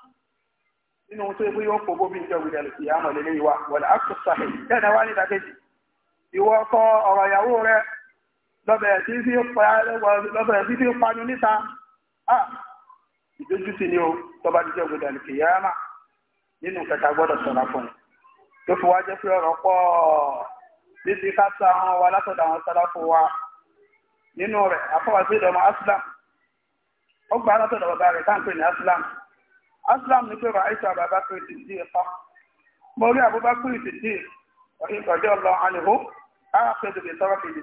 nínú ohun tó yẹ pé yóò fò bóbi ìjọ ìdàlù sí àmọ́ ìlẹ́lẹ́ ìwà wọ̀lẹ̀ àkùtù sàhẹ̀ tẹ́ẹ̀nà wá ní ìdàkejì ìwọ rẹ lọ́bẹ̀ẹ́ tí fi ń panu níta ni ó tọ́ba jíjẹ́ ògbèdà ní kìyàmà nínú kẹta gbọ́dọ̀ sọ̀rọ̀ fún un tó fi wá aslam aslam pé ràìsà bàbá mo rí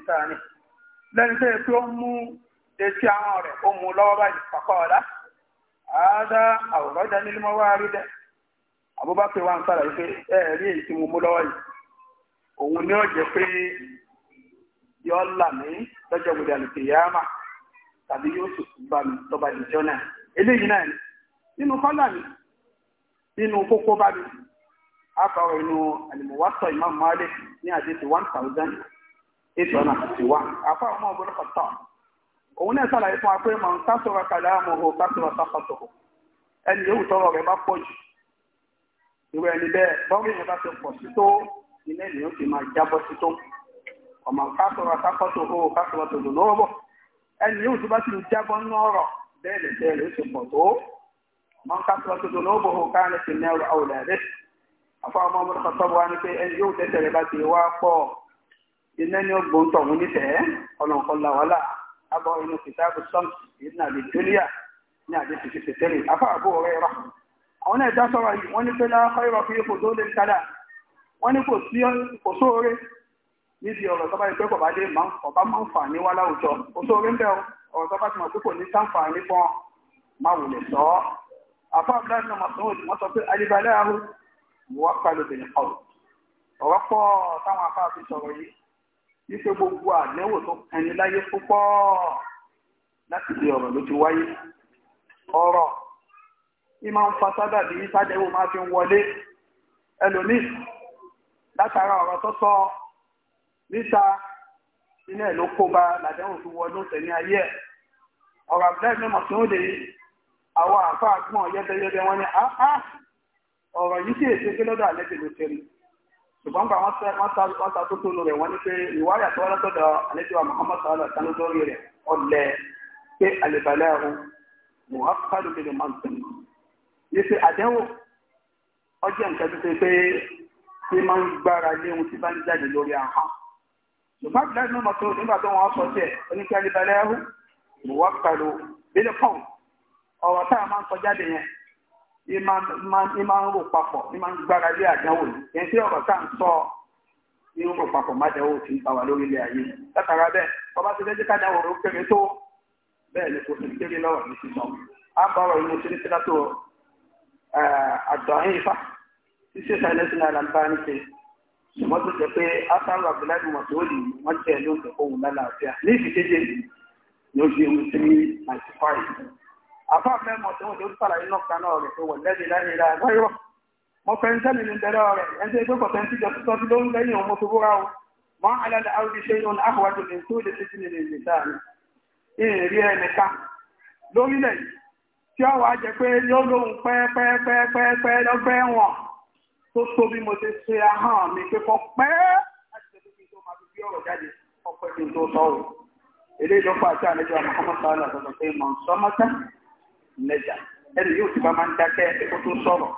sáà ni lẹ́ni tẹ́ pé ó mú etí àwọn rẹ̀ ó mú lọ́wọ́ báyìí pàpọ̀ ọ̀dá àádá àwòrán jẹ́ nílùmọ́ wá rí dẹ́ àbúbákú wa ń sára yìí pé ẹ rí èyí tí mo mú lọ́wọ́ yìí òun ni ó jẹ́ pé yọ là mí lọ́jọ́ gbọdọ̀ àlùkè yàrá tàbí yóò inú kọ́là ni inú kókó bá mi àkàwọ̀ inú àlùmọ̀wásọ̀ Imam Malik ní àdéhùn one thousand eight hundred and fifty one àfa ọmọ ọgbọ́n kọ̀tọ̀ òun náà sàlàyé fún wa mọ̀ ń kàlẹ́ àmọ̀ kásọ̀rọ̀ sàkọ̀tọ̀ ẹni yóò tọrọ rẹ̀ bá pọ̀ jù irú ẹni bẹ́ẹ̀ bọ́ọ̀rù yẹn bá ti pọ̀ sí tó ilé máa jábọ́ sí tó ọmọ kásọ̀rọ̀ lọ́wọ́ ẹni yóò tó bá man kasratu dunubuhu kanat an-nar awla bih afọ ọmọ ọmọdé kọtọbọ wa ni pé ẹni yóò tẹsẹrẹ bá ti wá pọ̀ iná ni ó gbóhùn tọhún nífẹ̀ẹ́ ọlọǹkọlà wàhálà abọ inú kìtàbù sọms ìdínà lè dúníyà ní àdéhùn fífi tẹ́lẹ̀ afọ àbúrò rẹ rà àwọn náà dá sọ̀rọ̀ yìí wọn ní pé láàkọ ìrọ fi ipò tó lè kálá wọn ní kò sí kò sóore níbi ọ̀rọ̀ tó bá yẹ pé kò bá dé ọba máa ń fà ní wá láwùjọ kò sóore ń bẹ ọ̀rọ̀ tó bá ti mọ̀ pé kò ní sáǹfà ní fún ọ má sọ ọ́ àfáàbùlá ní mọ̀sánwòdì wọ́n sọ pé alibalẹ́ ahó wọ́n pàlò bẹ̀rẹ̀ ọ̀rọ̀ ọ̀rọ̀ pọ̀ táwọn afáàbí sọ̀rọ̀ yìí wípé gbogbo àdéhùn tó kẹni láyé púpọ̀ láti di ọ̀rọ̀ ló ti wáyé ọ̀rọ̀ ní máa ń fa sábà bí sádẹ́wò máa fi ń wọlé ẹlòmíì látara ọ̀rọ̀ tó sọ níta ilé ẹ̀ ló kó ba làdéhùn fi wọnú tẹ̀mí ayé ẹ̀ ọ̀rọ̀ àbúlẹ̀ ní àwọn àfáà gbọ́n yẹ́dẹ́yẹ́dẹ́ wọn ni áá ah, ah, ọ̀rọ̀ yìí sì èsì pé lọ́dọ̀ àlẹ́ tèlò tẹ̀lé ṣùgbọ́n gbà wọ́n ta tó tó lọ rẹ̀ wọ́n ní pé ìwárí àtọwọ́ látọ̀dọ̀ àlejò Muhammad sàlọ́ àtàlódórí rẹ̀ ọ̀lẹ́ pé àlèbàlẹ́ ọ̀hún muhammadu bin mountain yìí ṣe àdánwò ọjọ́ nǹkan tó ṣe pé tí máa ń gbára lé ohun tí bá ń jáde lórí ahọ́n ṣùgbọ́n àbúlá ìgbìmọ̀ tó nígbà tó wọ́n sọ tẹ̀ oníkẹ́ àlèbàlẹ́ ọ̀hún muhammadu bin mountain ọ̀rọ̀ táà máa ń sọ jáde yẹn ìmá ń rò papọ̀ ìmá ń gbára lé àdánwò ni yẹn tí ọ̀rọ̀ táà ń sọ ní rò papọ̀ májàwó ti ń bá wa lórí ilé ayé látara bẹ́ẹ̀ bọ́bá ti lẹ́jẹ́ kájà wòrò kéré tó bẹ́ẹ̀ ni kò sì kéré lọ́rọ̀ ní sísọ á bá ọ̀rọ̀ inú sínú sílá tó àdọ̀hìn ifá tí ṣe sáré sínú àlàmbá ní ṣe ṣùgbọ́n tó jẹ pé asáró abdullahi mọ̀tòlì wọ́n jẹ́ lóúnjẹ ohun lálàáfíà ní ìdíkejì ni ó fi ohun sí 95 àfáà mẹ́mọ̀ tó ń jẹ́ olùsàlàyé náà kan rẹ̀ tó wọ̀ lẹ́bi lẹ́ni ìlà àgbáyọ̀ mo fẹ́ ń tẹ́lẹ̀ rẹ̀ ẹni tó gbọ́kọ̀ tó tọ́jú ló ń lẹ́yìn ọmọ tó búra o mọ́ alẹ́ ṣe ìrún àhùwájú ní tó lè títí nínú lórílẹ̀ tí jẹ wọn tó mo ti ṣe ahọ́n mi pé láti ṣe tó máa fi bí ọ̀rọ̀ jáde ọpẹ́ tó nẹjà ẹni yóò ti bá máa ń dákẹ́ kó tó sọ̀rọ̀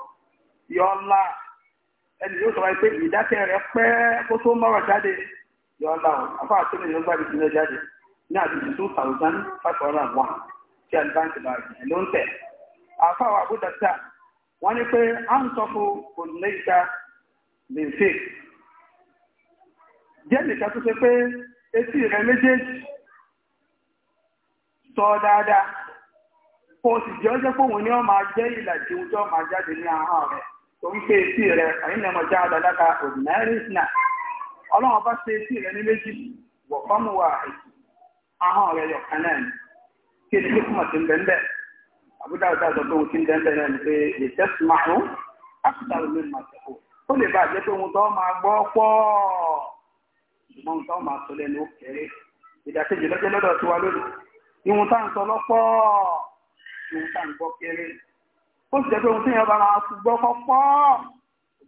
yọ́ọ́lá ẹni yóò sọ̀rọ̀ pé ìdákẹ́ rẹ pẹ́ kó tó mọ̀rọ̀ jáde yọ́ọ́lá o afọ àtúnyẹ̀ ló gbàgbé ti lọ jáde ní àdúgbò two thousand five hundred and one tí àdìbáǹkì bá rẹ̀ ló ń tẹ̀. afọ àwọn àbúdá tà wọ́n ní pé à ń sọ fún olùlẹ́yìnká bèfè jẹ́ nìkan tó ṣe pé etí rẹ̀ méjèèjì sọ dáadáa. kò sì jẹ́ ọjọ́ pé òun ni wọ́n máa jẹ́ ìlàjì ohun tí wọ́n máa jáde ní ahọ́n rẹ̀ tó ń pe etí rẹ̀ ẹ̀yìn náà mo já àdàdàkà ordinary sinna ọlọ́run bá ṣe etí rẹ̀ ní méjì wọ̀ wa ahọ́n rẹ̀ ni kí ni kí kùmọ̀ ti ń bẹ́ńbẹ́ àbúdá ọ̀dà sọ pé òun ti ń bẹ́ńbẹ́ náà ni pé ètè sùmáhùn áfítàlù mi mà sẹ́kù ó lè bàjẹ́ pé ohun tó máa gbọ́ pọ̀ ṣùgbọ́n ohun tá à ń gbọ́ kéré ó sì jẹ́ pé ohun téèyàn bá máa fi gbọ́ kọ́kọ́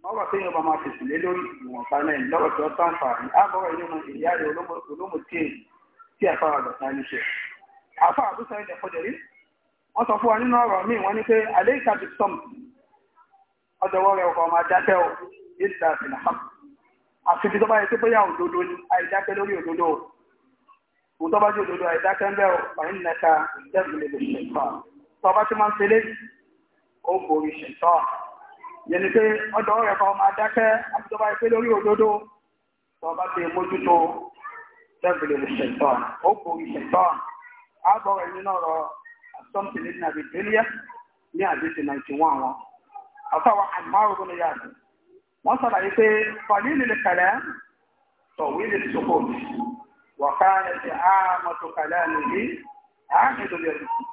ọ̀rọ̀ téèyàn bá máa fèsì lé lórí ìwọ̀nba náà lọ́rọ̀ tí ó sàǹfààní àbọ̀rọ̀ ilé mu ìyá rẹ̀ olómòtí èyí tí àfa àgbàtà ní ṣe àfa àbúsọ ilẹ̀ kọjẹ̀rí wọ́n sọ fún wa nínú ọ̀rọ̀ míì wọ́n ní pé alẹ́ ìkàdì sọ́m ọjọ́wọ́ rẹ̀ ọkọ̀ máa dákẹ́ ọ ìdá tọba tí máa ń tẹ́lẹ̀ ó borí ṣètọ́ yẹni pé ọdọ̀ rẹ̀ kan máa dákẹ́ àbújọba ìpé lórí òdodo tọba ti mójútó tẹ́bìlì ṣètọ́ ó borí ṣètọ́ ààbọ̀ rẹ̀ nínú ọ̀rọ̀ asọ́mpì ní nàìjíríà ní àdéṣe 91 wọn àtàwọn àmárùn ní yàtọ̀ wọ́n sọ̀rọ̀ yìí pé kọ̀lílì lè kẹ̀lẹ́ tọ̀wé lè sọ́kò wọ̀ká ẹ̀ Ha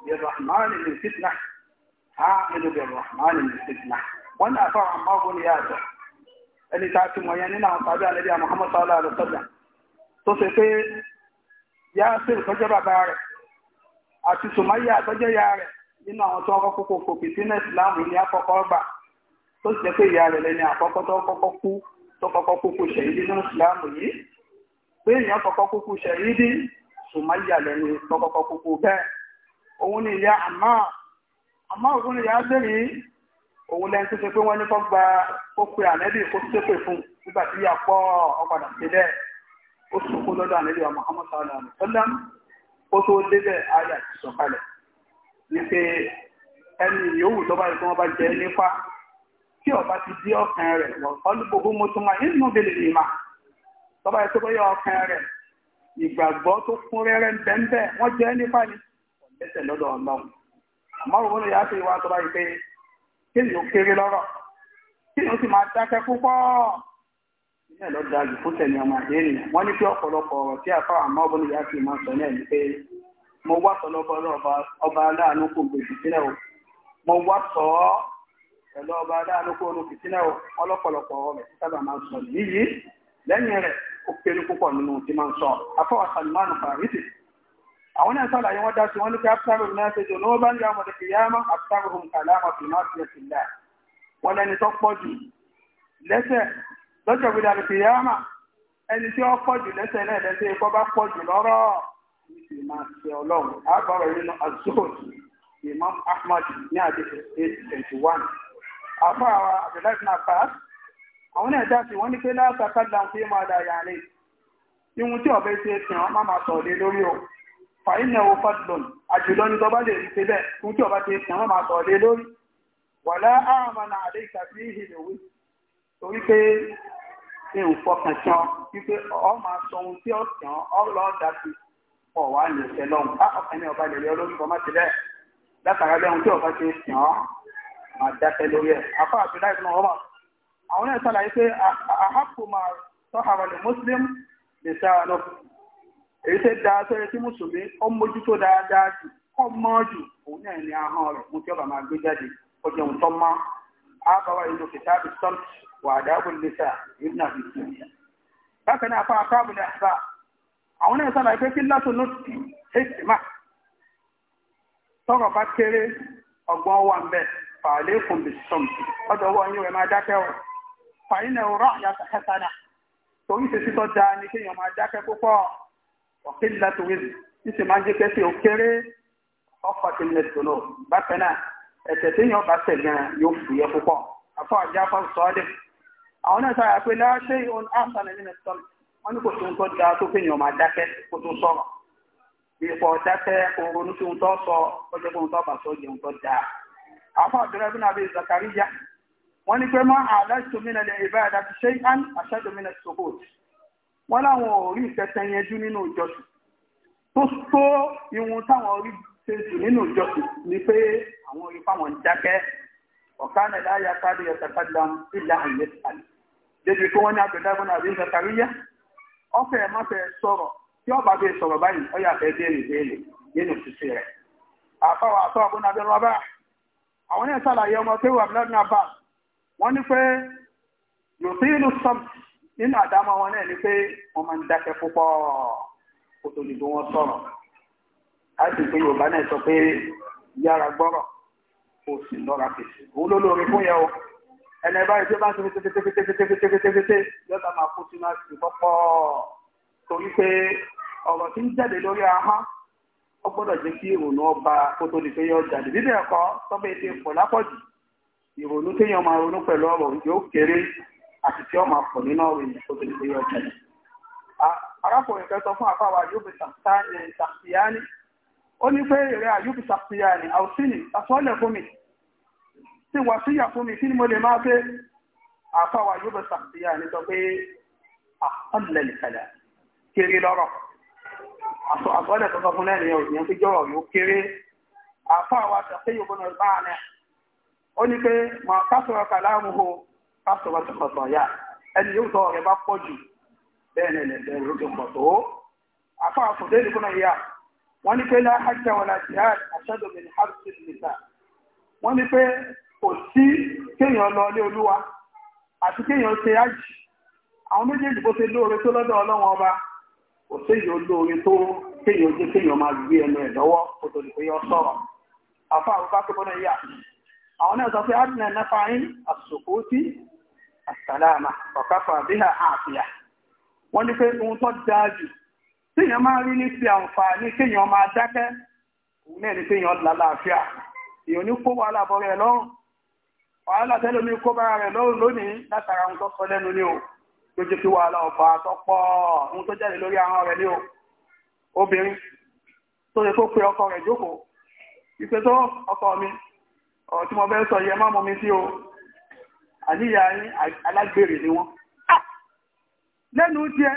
بالرحمن من فتنة عامل بالرحمن من فتنة وانا افعل عمار بن ياسر ẹni a ti mọ̀ yẹn nínú àwọn tàbí àlẹ́bí Muhammad sallallahu alaihi ya rẹ̀ nínú àwọn tó kọ́kọ́ kó kòkì sínú ìsìláàmù ní àkọ́kọ́ gbà tó sì jẹ́ pé ìyá rẹ̀ tó kú tó kó nínú yìí pé èèyàn kó sùmáyà lẹ́nu lọ́kọ́kọ́ kókó bẹ́ẹ̀ òun ni ìyá àmọ́ àmọ́ òun ni ìyá bẹ́ẹ̀ni òun lẹ́nu tó ṣe pé wọ́n ní kọ́ gba ó pe ànẹ́bì kó ṣépè fún nígbà tí ìyá pọ̀ ọ̀padà sí bẹ́ẹ̀ ó sunkún lọ́dọ̀ ànẹ́bì ọmọ hamasa alayhisalaam ó tó débẹ̀ ayé àti sọ̀kalẹ̀ ní pé ẹni yòówù tó bá yẹ kí wọ́n bá jẹ nípa tí ọba ti di ọkàn rẹ̀ wọ̀ ọ́ ní gbogbo mọ́tò máa ń nù ìmà tó yẹ kí wọ́n yọ ọkàn rẹ̀ ìgbàgbọ́ tó kún rẹ́rẹ́ ń wọ́n jẹ́ nípa ni ọ̀lẹ́sẹ̀ lọ́dọ̀ ọlọ́run àmọ́ òun ìyá sì wá sọ́ba yìí pé kí ni ó kéré lọ́rọ̀ kí ni ó sì máa dákẹ́ púpọ̀ ilé fún tẹ̀lé ọmọ sọ náà ni pé mo wá sọ ọba aláàánú kò o sọ ọ́ pẹ̀lú ọba aláàánú kò ó kéré púpọ̀ nínú tí máa ń sọ afọwọ́ Salmanu Farisi àwọn náà sọ̀rọ̀ àyẹ̀wò dá sí ní pé afẹ́rù náà ṣe jò lówó bá ń yá ọmọdé kìyàmá afẹ́rù hùn kàlámà fi máa fi ẹ̀sìn lẹ̀ wọn lẹni tó pọ̀ jù lẹ́sẹ̀ lọ́jọ́ Imam Ahmad ní àdéhùn eight twenty one afọ àwọn Abdullahi bin Abbas àwọn ẹ̀dá sí wọn ní pé látàkàlà tí máa dà yà ní ihun tí ọ̀bẹ ṣe fi hàn má máa sọ̀rọ̀ lé lórí o fàdùn àjùlọ ní tọ́ba lè bẹ́ẹ̀ tí ọba máa lé lórí àlẹ́ ìhìn torí pé pé ọ máa sọ ohun tí ó ọ lọ dà sí ní ọ máa dákẹ́ lórí ẹ̀ àti àwọn náà sàlàyé pé àhápùmà tọ́hàrọ̀lì muslim lè sáàrọ̀ èyí tẹ́ dáa tó yẹ kí mùsùlùmí ó mójútó dáadáa jù kọ́ mọ́ jù òun náà ní ahọ́n rẹ̀ mú kí ọba máa gbé jáde ó jẹ́ òun tọ́ mọ́ àbáwá inú kìtàbí sọ́ọ̀tì wà dáàbò lẹ́sà ibùnà bìtì bákan náà fún akáàbù ní àṣà àwọn náà sàlàyé pé kí látò ló ti hekima tọrọ bá kéré ọgbọ́n wà ń bẹ̀ fàálẹ́ kùn bìtì sọ́ọ̀tì ọjọ́ wọ́n yóò rẹ̀ máa dákẹ́ ọ̀ fàyínà ọ̀rọ̀ àyàtọ̀ kẹsànà torí ṣèṣì tó dáa ní kéèyàn máa dákẹ́ púpọ̀ ọ̀kẹ́ lílá torí ní sì máa ń jẹ́ kẹ́sì òkéré ọkọ̀ tí ń lè tòló bákan náà ẹ̀sẹ̀ afọ àjá fọ sọ́ọ́dẹ̀ àwọn náà sára pé láṣẹ ìhun áṣà nínú ẹ̀sọ́ wọ́n ní pé máa àlẹ́sù mínà lè ìbá ẹ̀dá ti ṣe án mínà wọ́n láwọn orí ìfẹsẹ̀ yẹn nínú ìjọsìn tó tó ìwọ̀n táwọn orí ṣe jù nínú ìjọsìn ni pé àwọn orí fáwọn jákẹ́ ọ̀ká nàlá ya kárí ẹ̀sẹ̀ kádìlá ìlà àyè sàlẹ̀ débi wọ́n ní abẹ́dágún náà ọ̀fẹ́ sọ̀rọ̀ tí ọba ọ wọ́n ní pé yòtílù sọ́ọ̀tì nínú àdámọ́ wọn náà ni pé wọ́n máa ń dákẹ́ púpọ̀ kó tó dìbò wọn sọ̀rọ̀ á sì pé yorùbá náà sọ pé yára gbọ́rọ̀ kó sì lọ́ra fèsì òun ló lóore fún yẹ o ẹnì báyìí tí ó bá ń tẹ́fẹ́ tẹ́fẹ́ tẹ́fẹ́ tẹ́fẹ́ tẹ́fẹ́ tẹ́fẹ́ tẹ́fẹ́ yọ́ta máa kó sínú àti pọ́pọ́ torí pé ọ̀rọ̀ tí ń jáde lórí ahọ́n ó gbọ́dọ̀ jẹ́ kí ìrònú ọba kó tó di pé yọ jáde bíbẹ̀ ẹ̀kọ́ tọ́bẹ̀ ètò ìpọ̀ lápọ̀jù ìrònú téèyàn máa ronú pẹ̀lú ọ̀rọ̀ yóò kéré àti tí ó máa pọ̀ nínú ọ̀rọ̀ yìí tó ti di ọjọ́ yìí. arákùnrin kan sọ fún àfáwà yóòbí sàkíyáni ó ní pé èrè àyùbí sàkíyáni àwùsíni àsọ́ọ̀lẹ̀ fún mi tí wà síyà fún mi kí ni mo lè máa fẹ́ àfáwà yóòbí sàkíyáni sọ pé àsọ́ọ̀lẹ̀ nìkàlẹ̀ kéré lọ́rọ̀ àsọ́ọ̀lẹ̀ tó sọ fún lẹ́yìn ọ̀rọ̀ yẹn pé jọ̀rọ̀ yóò kéré àfáwà sàkíyáni onye ní ma mà kásọ̀rọ̀ kàlámù o kásọ̀rọ̀ tọkọtọ̀ yá ẹni yóò sọ ọ̀rẹ́ bá pọ̀ jù bẹ́ẹ̀ ni ẹ̀lẹ́sẹ̀ lójú pọ̀ tó afọ àfọ̀dé nìkan yá wọ́n ní pé láhájà wọlé jihad àṣẹ́dọ̀mí ní harvard nìta wọn ní pé kò sí kéèyàn lọ ilé olúwa àti kéèyàn ṣe àwọn méjèèjì ọba kò tó kéèyàn kéèyàn máa gbé ẹnu tó pé yọ àwọn náà sọ pé adìnà náfàáyín àsòkòtì àsàlámà ọ̀káfà bíhà àfíà wọ́n ní pé ohun tó dáa jù téèyàn máa rí ní ti àǹfààní kéèyàn máa dákẹ́ òun náà ni kéèyàn lálàáfíà èèyàn ní kó wàhálà bọ̀ rẹ̀ lọ́rùn wàhálà tẹ́lómi kó bára rẹ̀ lọ́rùn lónìí látara ohun tó sọ lẹ́nu ni o ló jẹ́ kí wàhálà ọ̀fà tó ohun tó jáde lórí àwọn rẹ̀ ni o obìnrin tó yẹ kó pe ọkọ rẹ̀ jókòó ìpè ọkọ mi ọ̀ tí mo fẹ́ sọ yẹ má mú mi sí o àníyà yín alágbèrè ni wọ́n lẹ́nu jẹ́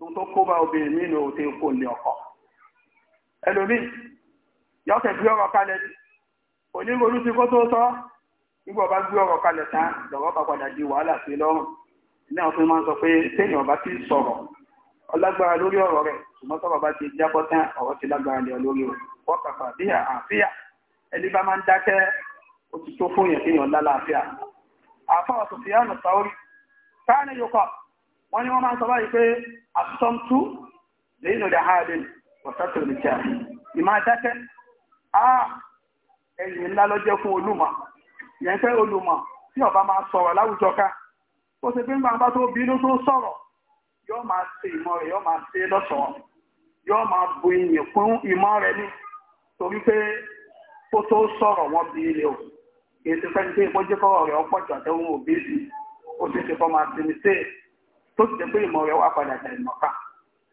ohun tó kó bá obìnrin nínú òtí kò lè ọkọ̀ ẹlòmí yọ́kẹ̀ gbé ọ̀rọ̀ kalẹ̀ onírúurú ti kó tó sọ nígbà bá gbé ọ̀rọ̀ kalẹ̀ tán lọ́rọ̀ bá padà di wàhálà sí lọ́rùn ní àwọn tó máa ń sọ pé téèyàn bá ti sọ̀rọ̀ ọlágbára lórí ọ̀rọ̀ rẹ̀ ṣùgbọ́n sọ̀rọ̀ bá ti jábọ́ tán ọ̀rọ̀ ti lágbára lé lórí rẹ̀ wọ́n kàfà bíyà àfíyà ẹni bá máa ń dákẹ́ ó ti tó fún yẹn kéèyàn lálàáfíà àfa ọ̀sùn fi hàn sáórì káàní yòókọ̀ wọ́n ní wọ́n máa ń sọ báyìí pé àtúntọ́mtú lẹ́yìn òde àhádìn ọ̀sátò lè jà ìmá dákẹ́ á ẹ̀yìn ńlá ló jẹ́ fún olùmọ̀ yẹn fẹ́ olùmọ̀ tí ọba máa sọ̀rọ̀ láwùjọ ká ó ṣe pé ńgbà bá tó bínú tó sọ̀rọ̀ yóò máa ṣe ìmọ̀ rẹ̀ yóò máa ṣe lọ́sọ̀ọ́ yóò máa bu ìyìn fún ìmọ̀ rẹ̀ ní torí pé kó tó sọ̀rọ̀ wọn bí ilé o èsì fẹ́ni tí ìpọ́njẹ́ kọ́rọ̀ rẹ̀ ọ̀pọ̀ jù àtẹ́wọ́n òbí ó ti ṣe fọ́mà sèmísè tó ti jẹ́ pé ìmọ̀ rẹ̀ wà padà jà ìmọ̀ká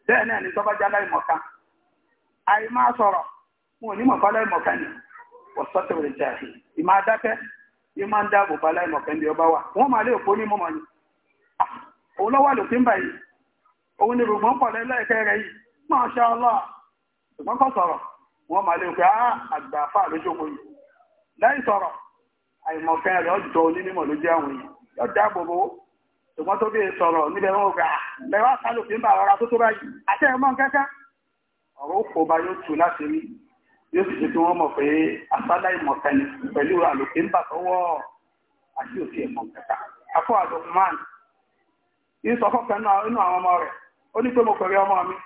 bẹ́ẹ̀ náà ni tọ́bajá láìmọ̀ká àì máa sọ̀rọ̀ wọn ò ní mọ̀ká láìmọ̀ká ni ọ̀sọ́tẹ̀ rẹ̀ ìmọ̀ ọba wa wọ́n máa lé ní mọ̀mọ́ ni òun lọ́wọ́ òun ni wọ́n máa lè pé á ah, àgbà àfà lójókòó yìí lẹ́yìn sọ̀rọ̀ àìmọ̀kẹ́ rẹ̀ ọjọ́ onímọ̀ ló jẹ́ àwọn èèyàn yóò dáàbò bò ṣùgbọ́n tó bí sọ̀rọ̀ níbẹ̀ wọn gbà lẹ́wọ́ àkálòfin bá ọ̀rọ̀ tó tó báyìí àti ẹ̀mọ́ kẹ́kẹ́ ọ̀rọ̀ òfò bá yóò tù láti rí yóò sì ṣe kí wọ́n mọ̀ pé asálà ìmọ̀kẹ́ ni pẹ̀lú àlòfin bà tọwọ́ àti òsì ẹ̀mọ́ kẹ́kẹ́ afọ àlòkùnmán ní sọfọ́pẹ́ inú àwọn ọmọ rẹ̀ ó ní pé mo pẹ̀lú ọmọ mi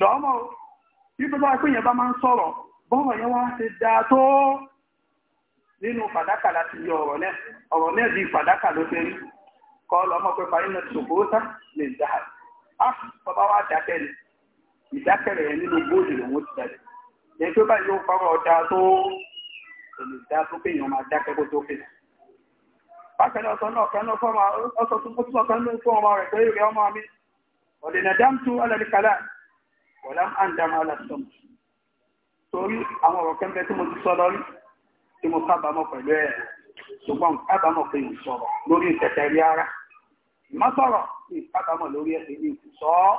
lọ́ọ́ nítorí pé yẹn bá máa ń sọ̀rọ̀ bọ́ọ̀rọ̀ yẹn wá ṣe dáa tó nínú fàdákà láti yọ ọ̀rọ̀ náà ọ̀rọ̀ náà di fàdákà ló ṣe rí kọ́ lọ́mọ pé fàyínà ṣòfò lè dà á bàbá wa dákẹ́ ni ìdákẹ́rẹ̀ yẹn nínú góòlù lòun ti yẹn tó yóò tó tó wọ̀lá àǹdàmọ́ alàsọ̀m torí àwọn ọ̀rọ̀ kẹ́ńbẹ́ tí mo ti sọ lọ́rí tí mo kábàámọ̀ pẹ̀lú ẹ̀ ṣùgbọ́n kábàámọ̀ pé mo sọ̀rọ̀ lórí ìtẹ̀tẹ̀ rí ara ìmọ̀ sọ̀rọ̀ ní kábàámọ̀ lórí ẹ̀sẹ̀ ní ìtì sọ ọ́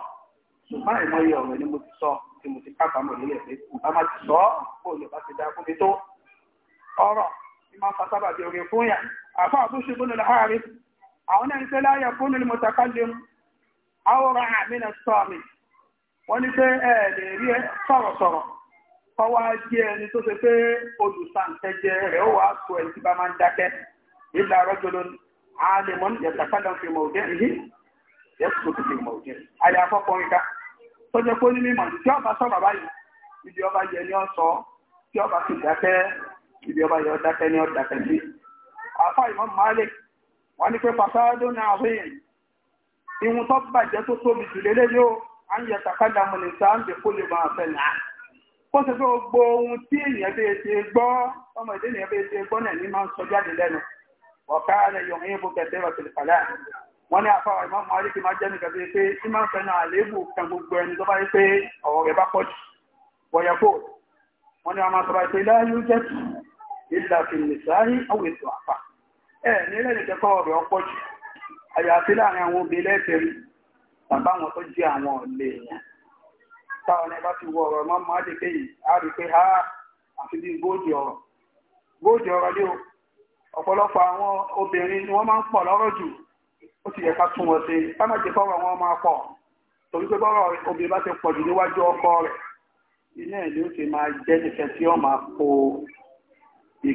ṣùgbọ́n ìmọ̀ye ọ̀rọ̀ ni mo ti sọ tí mo ti kábàámọ̀ lórí ẹ̀sẹ̀ ìbá má ti sọ kó lè bá ti dá fún mi tó ọ̀rọ̀ ni máa ń fa sábàbí orin fún yà àfọ àbúṣe bónú láàárín àwọn ẹni tó láyà fónú ni mo takalẹ̀ mu àwòrán àmì náà sọ mi wọ́n ní pé ẹ lè rí ẹ sọ̀rọ̀sọ̀rọ̀ kọ́wá jẹ́ ẹni tó ṣe pé olùsàǹtẹ̀jẹ rẹ̀ ó wàá sọ ẹni tí bá máa ń dákẹ́ ìlà rọ́jòló àlèmọ́ yẹ̀sàkádà fi mọ̀ òjẹ́ rí yẹ̀sùn tó fi mọ̀ òjẹ́ àyà afọ́kùnrin ká tó jẹ́ pé ó ní mímọ̀ tí ọba sọ bàbá yìí ibi ọba yẹ ni ọ sọ tí ọba fi dákẹ́ ibi ọba yẹ ọ dákẹ́ ni ọ dákẹ́ sí. àfa ìmọ̀ màálè wọ́n ní pé pàṣẹ ọdún náà rí ìhun tó bàjẹ́ tó tóbi jù lélẹ́yìí à ń yẹ tàkàdà mọ̀lẹ̀ sáà ń bẹ̀ kó lè máa fẹ̀lẹ̀ à. kó ṣe pé gbogbo ohun tí èèyàn bẹ́ẹ̀ ṣe gbọ́ ọmọ ìdí èèyàn bẹ́ẹ̀ ṣe gbọ́ náà ní máa ń sọ jáde lẹ́nu ọ̀ká rẹ̀ yọ̀hún yìí bó kẹsẹ̀ rẹ̀ tìlẹ̀ fàlẹ́ wọ́n ní afárá ìmọ̀ ọmọ alẹ́ kì máa jẹ́ nìkan bíi pé tí máa ń fẹ́ náà àléébù kan gbogbo ẹni tó bá yẹ pé ọ̀rọ̀ rẹ̀ bá pọ̀ jù wọ̀yà kó wọ́n ní ọmọ àtọ́bá ìpè láyé jẹ́ tù àyàfi láàrin àwọn obìnrin lẹ́ẹ̀kẹ́rin tàbá àwọn tó jẹ́ àwọn ọ̀lẹ́ èèyàn táwọn ẹni bá ti wọ ọrọ mọ́ máa dèké yìí á rí pé á àfi bí góòjì ọ̀rọ̀ o àwọn obìnrin ni wọn máa ń jù ó ti yẹ ká tún wọn ká má torí pé bọrọ obìnrin bá ti ọkọ iná ti máa tí máa ọkọ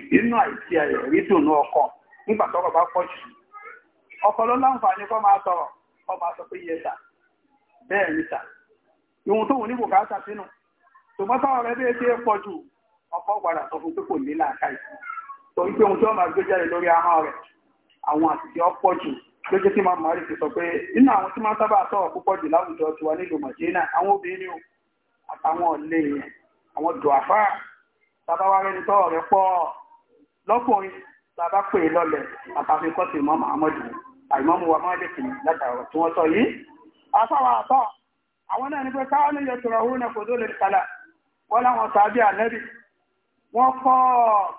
nígbà bá pọ jù ọmọ sọ pé yẹ sà bẹ́ẹ̀ ni sà ìwọ̀n tóun ní bùkátà sínú ṣùgbọ́n táwọn rẹ̀ bẹ́ẹ̀ ṣe é pọ̀ jù ọkọ̀ gbàdà sọ fún pé kò ní torí pé ohun tí wọ́n máa gbé jáde lórí ahọ́n rẹ̀ àwọn àtìsí ọ̀pọ̀ jù lójú tí sọ pé nínú àwọn tí máa sábà púpọ̀ jù láwùjọ ti wà nílùú àwọn obìnrin o àtàwọn ọ̀lẹ́ yẹn àwọn dùàfà bàbá wa rẹni tọ́ ọ̀rẹ́ pọ̀ lọ́kùnrin bàbá Muhammadu àìmọ́mù wa máa jẹ́kì látàrà tí wọ́n sọ yìí afáwà àtọ́ àwọn náà ní pé káwọn ní yẹtùrọ̀ òun náà kò tó lè kalà wọ́n láwọn sàábí ànẹ́bì wọ́n kọ́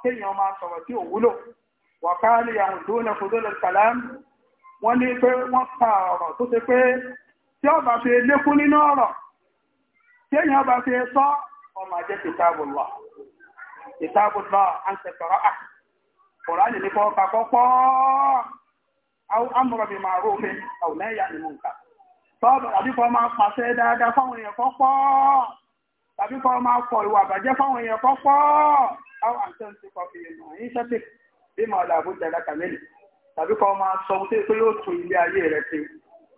kéèyàn máa sọ̀rọ̀ tí ò wúlò wà káwọn ní yàwùn tó náà kò tó lè kalà wọ́n ní ọ̀rọ̀ tó ṣe pé amúrọ̀ bí máa rò pé àwọn lẹ́yà ni mo ń kà tọ́ọ̀bù tàbí kọ́ máa pàṣẹ dáadáa fáwọn èèyàn kọ́ pọ́ tàbí kọ́ máa kọ ìwà àbàjẹ́ fáwọn èèyàn kọ́ pọ́ àwọn àǹtẹ̀ǹ ti kọ́ fi mọ̀ ní sẹ́tì bí mọ̀ ọ̀là àbújá lákà mẹ́lẹ̀ tàbí kọ́ máa sọ ohun tó yóò tún ilé ayé rẹ̀ ṣe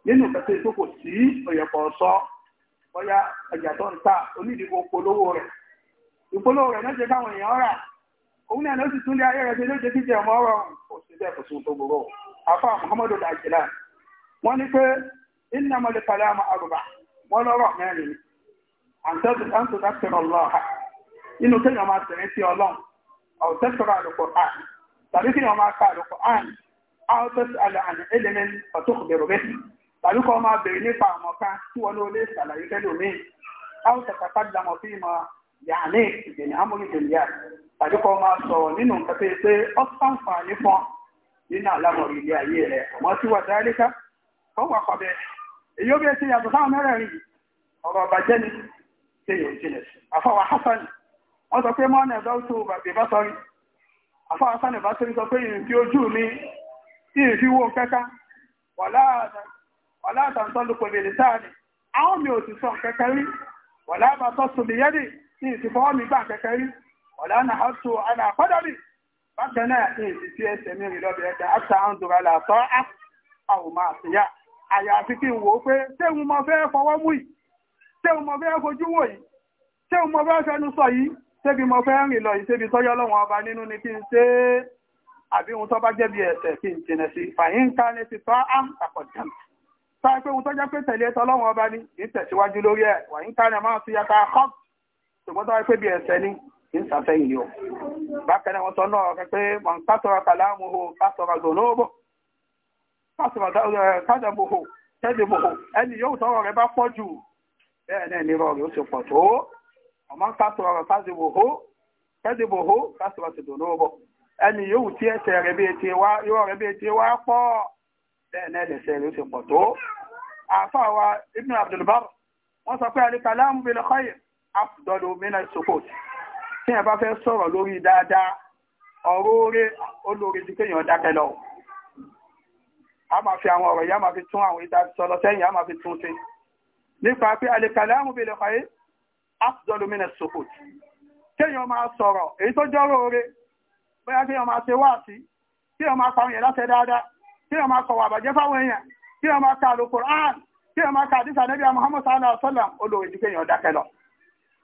nínú ìfẹ́sẹ̀ tó kò sí òyẹ̀pọ̀ sọ bóyá ọjà tó ń ta onídìbò polówó rẹ̀ ìpolówó rẹ̀ náà ṣe káwọn èèyàn rà òun náà ló sì tún ilé ayé rẹ̀ ṣe ló ṣe kíjẹ̀ mọ́ ọ̀rọ̀ kò sí bẹ́ẹ̀ kò sí ohun tó gbogbo afá muhammadu dajila wọ́n ní pé iná mọ́lẹ̀ kalama arúgbà wọ́n lọ́rọ̀ mẹ́rin àǹtẹ́tù àǹtẹ́tù dákítẹ̀rọ̀ lọ́ha inú kéèyàn máa tẹ̀lé sí ọlọ́run àwòtẹ́sọ̀rọ̀ àlùkò àn tàbí kéèyàn máa ka àlùkò àn àwòtẹ́sọ̀ àlẹ́ àlẹ́ ẹlẹ́mẹ́ ọ̀tọ́kùnbẹ̀rọ̀ bẹ́ẹ̀ tàbí kọ́ máa bèèrè nípa àwọn kan tí wọ́n ló lè ṣàlàyé fẹ́ lómi àwòtẹ́sọ̀ kájàmọ̀ fíìmọ̀ yàní ìgbìyànjú amúlùdìyà tàbí kọ́ máa sọ̀rọ̀ nínú nǹkan tó nínú àlámọ̀rí ilé ayé rẹ̀ ọmọ tí wà dáríká ó wà kọ̀bẹ̀ èyí ó bẹ́ẹ̀ ṣe yàtọ̀ sáwọn mẹ́rẹ̀ẹ̀rin yìí ọ̀rọ̀ ọ̀bàjẹ́ ni ṣe yóò jìnlẹ̀ àfọwà hasan wọ́n sọ pé mọ́ọ̀nà ẹ̀dọ́ tó bàbí bá sọrí àfọwà hasan bá sọrí sọ pé ìrìnfi ojú mi ìrìnfi wo kẹ́kà wà látàntọ́ lóko lè sáàni àwọn mi ò sì sọ kẹ́kẹ́ rí wà lábàtọ́ sùn mi yẹ́dì ní ìsìnkọ́ mi gbà kẹ́kẹ́ rí wà bákan náà ní ìsìsí ẹsẹ̀ mi rìn lọ́bẹ̀ ẹ̀dá àṣà ń dùn alẹ́ àtọ́ àwòmá àṣeyà àyàfi kí n wò ó pé ṣé n mọ fẹ́ fọwọ́ mú yìí ṣé n mọ fẹ́ fojú wò yìí ṣé n mọ fẹ́ fẹnu sọ yìí ṣébi mo fẹ́ rìn lọ yìí ṣébi tọ́jọ́ lọ́wọ́ ọba nínú ni kí n ṣe é àbí ohun tó bá jẹ́ bí ẹ̀ṣẹ̀ kí n jìnà sí fàyín ká ní ti tọ́ ám àpọ̀jàm sọ pé ohun tó jẹ́ pé tẹ̀lé ẹ̀tọ́ lọ́wọ́ ọba ni kì ìsàfẹ́ yìí o bákan náà wọ́n sọ náà ọ̀rẹ́ pé wọ́n kásọ̀rọ̀ kàlámù hù kásọ̀rọ̀ zòlóòbò kásọ̀rọ̀ kádàbò hù tẹ́lẹ̀bò hù ẹni yóò sọ̀rọ̀ rẹ̀ bá pọ̀ jù bẹ́ẹ̀ náà ní rọrùn ó sì pọ̀ tó ọmọ kásọ̀rọ̀ kásọ̀rọ̀ hù tẹ́lẹ̀bò hù kásọ̀rọ̀ sì zòlóòbò ẹni yóò tí ẹsẹ̀ rẹ̀ bí etí wá yóò rẹ̀ bí etí wá pọ̀ bẹ́ẹ̀ náà lẹ̀sẹ̀ rẹ̀ ó sì pọ̀ tó àfáà wa Ibn Abdul Barr wọ́n sọ pé alikalamu bil khayr afdalu mina sukut tí ẹ bá fẹ́ sọ̀rọ̀ lórí dáadáa ọ̀rọ̀ oore olóore ju kéèyàn dákẹ́ lọ a máa fi àwọn ọ̀rọ̀ yìí a máa fi tún àwọn ìta sọlọ sẹ́yìn a máa fi tún ṣe nípa pé àlèkàlẹ̀ àrùn bèèrè pàyé afdolomina sokot kéèyàn máa sọ̀rọ̀ èyí tó jọ́rọ̀ oore bóyá kéèyàn máa ṣe wáàsí kéèyàn máa pàwọn èèyàn láṣẹ dáadáa kéèyàn máa kọ̀wà àbàjẹ́ fáwọn èèyàn kéèyàn máa ka àlùkùránì kéèyàn máa ka àdìsá nẹ́bí Muhammad sallallahu alaihi wasallam olóore ju kéèyàn dákẹ́ lọ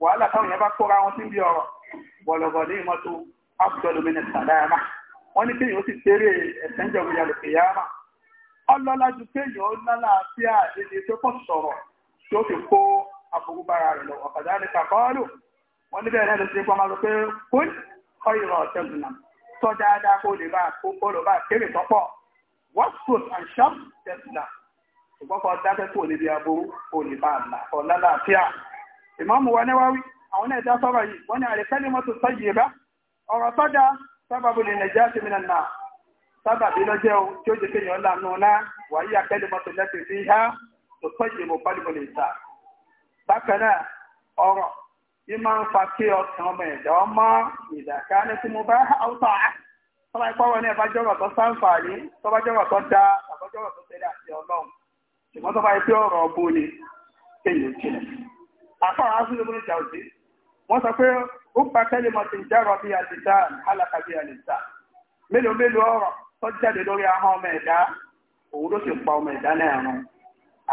wàhálà táwọn èèyàn bá kóra wọn sí ibi ọ̀rọ̀ bọ̀lọ̀bọ̀ ní ìmọ́tò abdul minister dáyàmá wọ́n ní kéèyàn ó sì tẹ́rẹ ẹ̀sẹ̀ ń jẹun yàrá kéyàmá ọlọ́lá ju kéèyàn ó lálà sí àdéhùn tó pọ̀ sọ̀rọ̀ tí ó fi kó àbúrú bára rẹ̀ lọ ọ̀kadà ní kàkọ́ọ̀lù wọ́n ní bẹ́ẹ̀ náà ló ti pọ́n máa lọ pé kún kọ́ ìrọ̀ ọ̀tẹ́gùnà tó dáadáa kó lè bá kó lè bá kéré tọ́pọ̀ what good and sharp test na dákẹ́ kó lè bí aburú kó lè bá ọ̀lá láàfíà ìmáàmù wa níwáwí àwọn náà dá sọ́rọ̀ yìí wọ́n ní àrẹ́kẹ́lẹ́ mọ́tò sọ́yìí bá ọ̀rọ̀ sọ́dá sábàbù lè nàìjíríà sí mìíràn náà sábàbí lọ́jẹ́ o tí ó jẹ́ kéèyàn lànà náà wàyí àkẹ́lẹ́ mọ́tò lẹ́sẹ̀ sí ha tó sọ́yìí mọ́ pálíbọ̀ lè ta bákan náà ọ̀rọ̀ yìí máa ń fa kí àfáà áfíríkà ní jàùdí wọ́n sọ pé ó gba tẹ́lẹ̀ mọ́ ti ń jẹ́rọ bí àdìsá alaka bí àdìsá mélòó mélòó ọ̀rọ̀ tó jáde lórí ahọ́n ọmọ ẹ̀dá òun ló sì pa ọmọ ẹ̀dá náà rún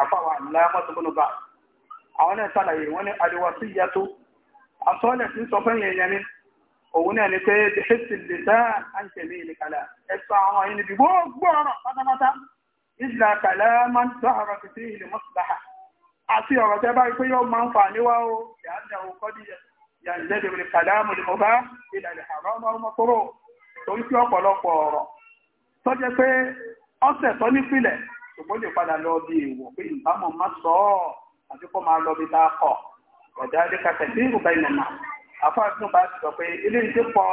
àfáà aláàmọ́tòmọ́nùbà àwọn náà sàlàyé wọ́n ní ariwo sí yàtọ̀ àsọ́ọ̀lẹ̀ tí ń sọ fún yẹn ni òun náà ni pé bíṣẹ́sì lè dá àǹtẹ̀lé ìlẹ̀kàlà ẹ̀sọ́ àwọn yìí níbi gbogbo ọ̀rọ̀ pátápátá ìlà kàlá máa ń dọ́ àti ọ̀rọ̀ tẹ́ báyìí pé yóò máa ń fà níwá o ìyáàdà òkọ́ di ìyàlẹ́dẹ̀ rẹ̀ kàlámù ni mo bá ìlàlẹ̀ àrọ́ ọmọ ọmọ kúrò torí sí ọ̀pọ̀lọpọ̀ ọ̀rọ̀ tó jẹ́ pé ọ̀sẹ̀ tó nípìnlẹ̀ ṣùgbọ́n lè padà lọ bí èèwọ̀ pé ìbámu má sọ ọ́ àti kó máa lọ bí tá a kọ̀ ọ̀dà adékàtẹ̀ sí ìrùbá ìnànà afáàtún bá ti sọ pé ilé ìdí pọ̀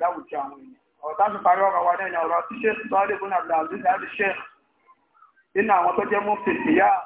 láwùjọ àwọn èèyàn ọ̀tá fi parí ọ̀rọ̀ wa náà ọ̀rọ̀ tí ṣe sọ́ọ́lẹ́gùn àbdàlú ní àdìṣe nínú àwọn tó jẹ́ mú fèsì yáà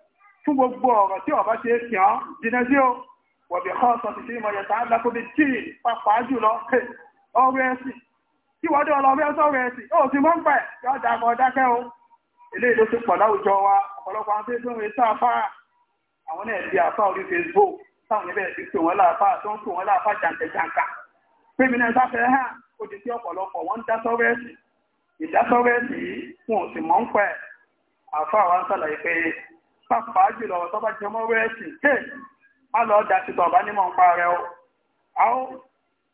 fún gbogbo ọ̀rọ̀ tí ọ̀bá ṣe é kìán jìnà sí o wọ̀bẹ̀ kọ́ sọ sí ìmọ̀ yẹ̀ta alákòbí tí pàpà jùlọ ọ̀rẹ́ ẹ̀sìn tí wọ́n dé ọlọ́rẹ́ sọ̀rọ̀ ẹ̀sìn ó sì mọ́ ń pẹ̀ yọ́ dàgbọ́ dákẹ́ o ilé ìlú ti pọ̀ láwùjọ wa ọ̀pọ̀lọpọ̀ àwọn tó ń rí sáfà àwọn náà di àfà orí Facebook táwọn ẹgbẹ́ ti pè wọ́n láàfà tó ń pè wọ́n láàfà pàpàá jùlọ tó bá jẹ mọ́ wẹ́ẹ̀sì tẹ́ a lọ da sí bàbá nímọ̀ ń parẹ́ o a ó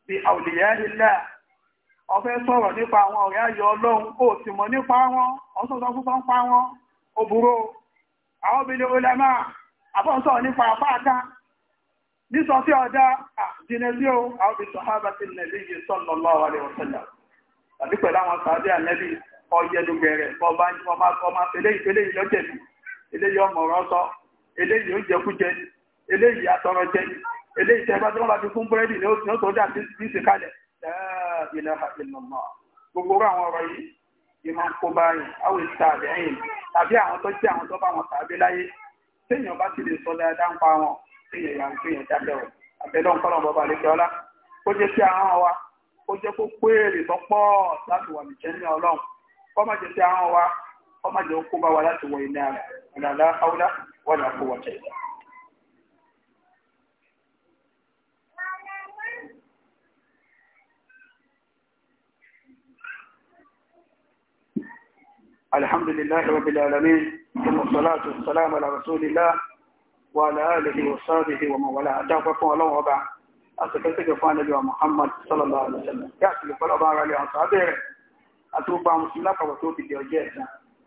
fi àwòlìyà ilẹ̀ ọfẹ́ sọ̀rọ̀ nípa àwọn ọ̀rẹ́ ayọ̀ ọlọ́run ó sì mọ̀ nípa wọn ọ̀sọ̀tọ̀ púpọ̀ ń pa wọn ó burú àwọn obìnrin olẹ́mà nípa àpáàká nísọ sí ọ̀dá àjínẹ́ sí o àwọn obìnrin sọ̀hábà sí nẹ̀lú yìí sallallahu alaihi wasallam tàbí pẹ̀lú àwọn sàádé ànẹ́bí ọyẹnugbẹ̀rẹ̀ bọ́bá ìfọmá ìfẹ́lẹ́ ìfẹ́lẹ́ ìlọ́jẹ̀bí eléyìí ọmọ ọ̀rọ̀ sọ eléyìí ó jẹkújẹ eléyìí atọrọ jẹ eléyìí tẹ bá tí wọn bá fi fún búrẹ́dì ní oṣù tó dà sí ìsìn kalẹ̀ ilẹ̀ ìlọ̀mọ̀ gbogbo àwọn ọ̀rọ̀ yìí ìmọ̀ kó báyìí àwọn ìta àbẹ̀yìn tàbí àwọn tó jẹ́ àwọn tó bá wọn tàbí láyé téèyàn bá ti lè sọ dáadáa ń pa wọn téèyàn yà ń téèyàn jáde ọ̀ àbẹ̀lọ́ ń kọ́lọ̀ bọ́ba àlejò ọlá kó jẹ́ sí àwọn wa kó jẹ́ kó pé èrè tó pọ̀ láti wà nìjẹ́ ní ọlọ́run kó má jẹ́ sí àwọn wa وما jẹ́ kó bá wa láti wọ iná الحمد لله رب العالمين والصلاة والسلام على رسول الله وعلى آله وصحبه ومن والاه أتاكم الله وبعد أتكلم فان جوا محمد صلى الله عليه وسلم سيدي فلا بارا لأصحابه مسلمك مسلمة وتوبة جوجة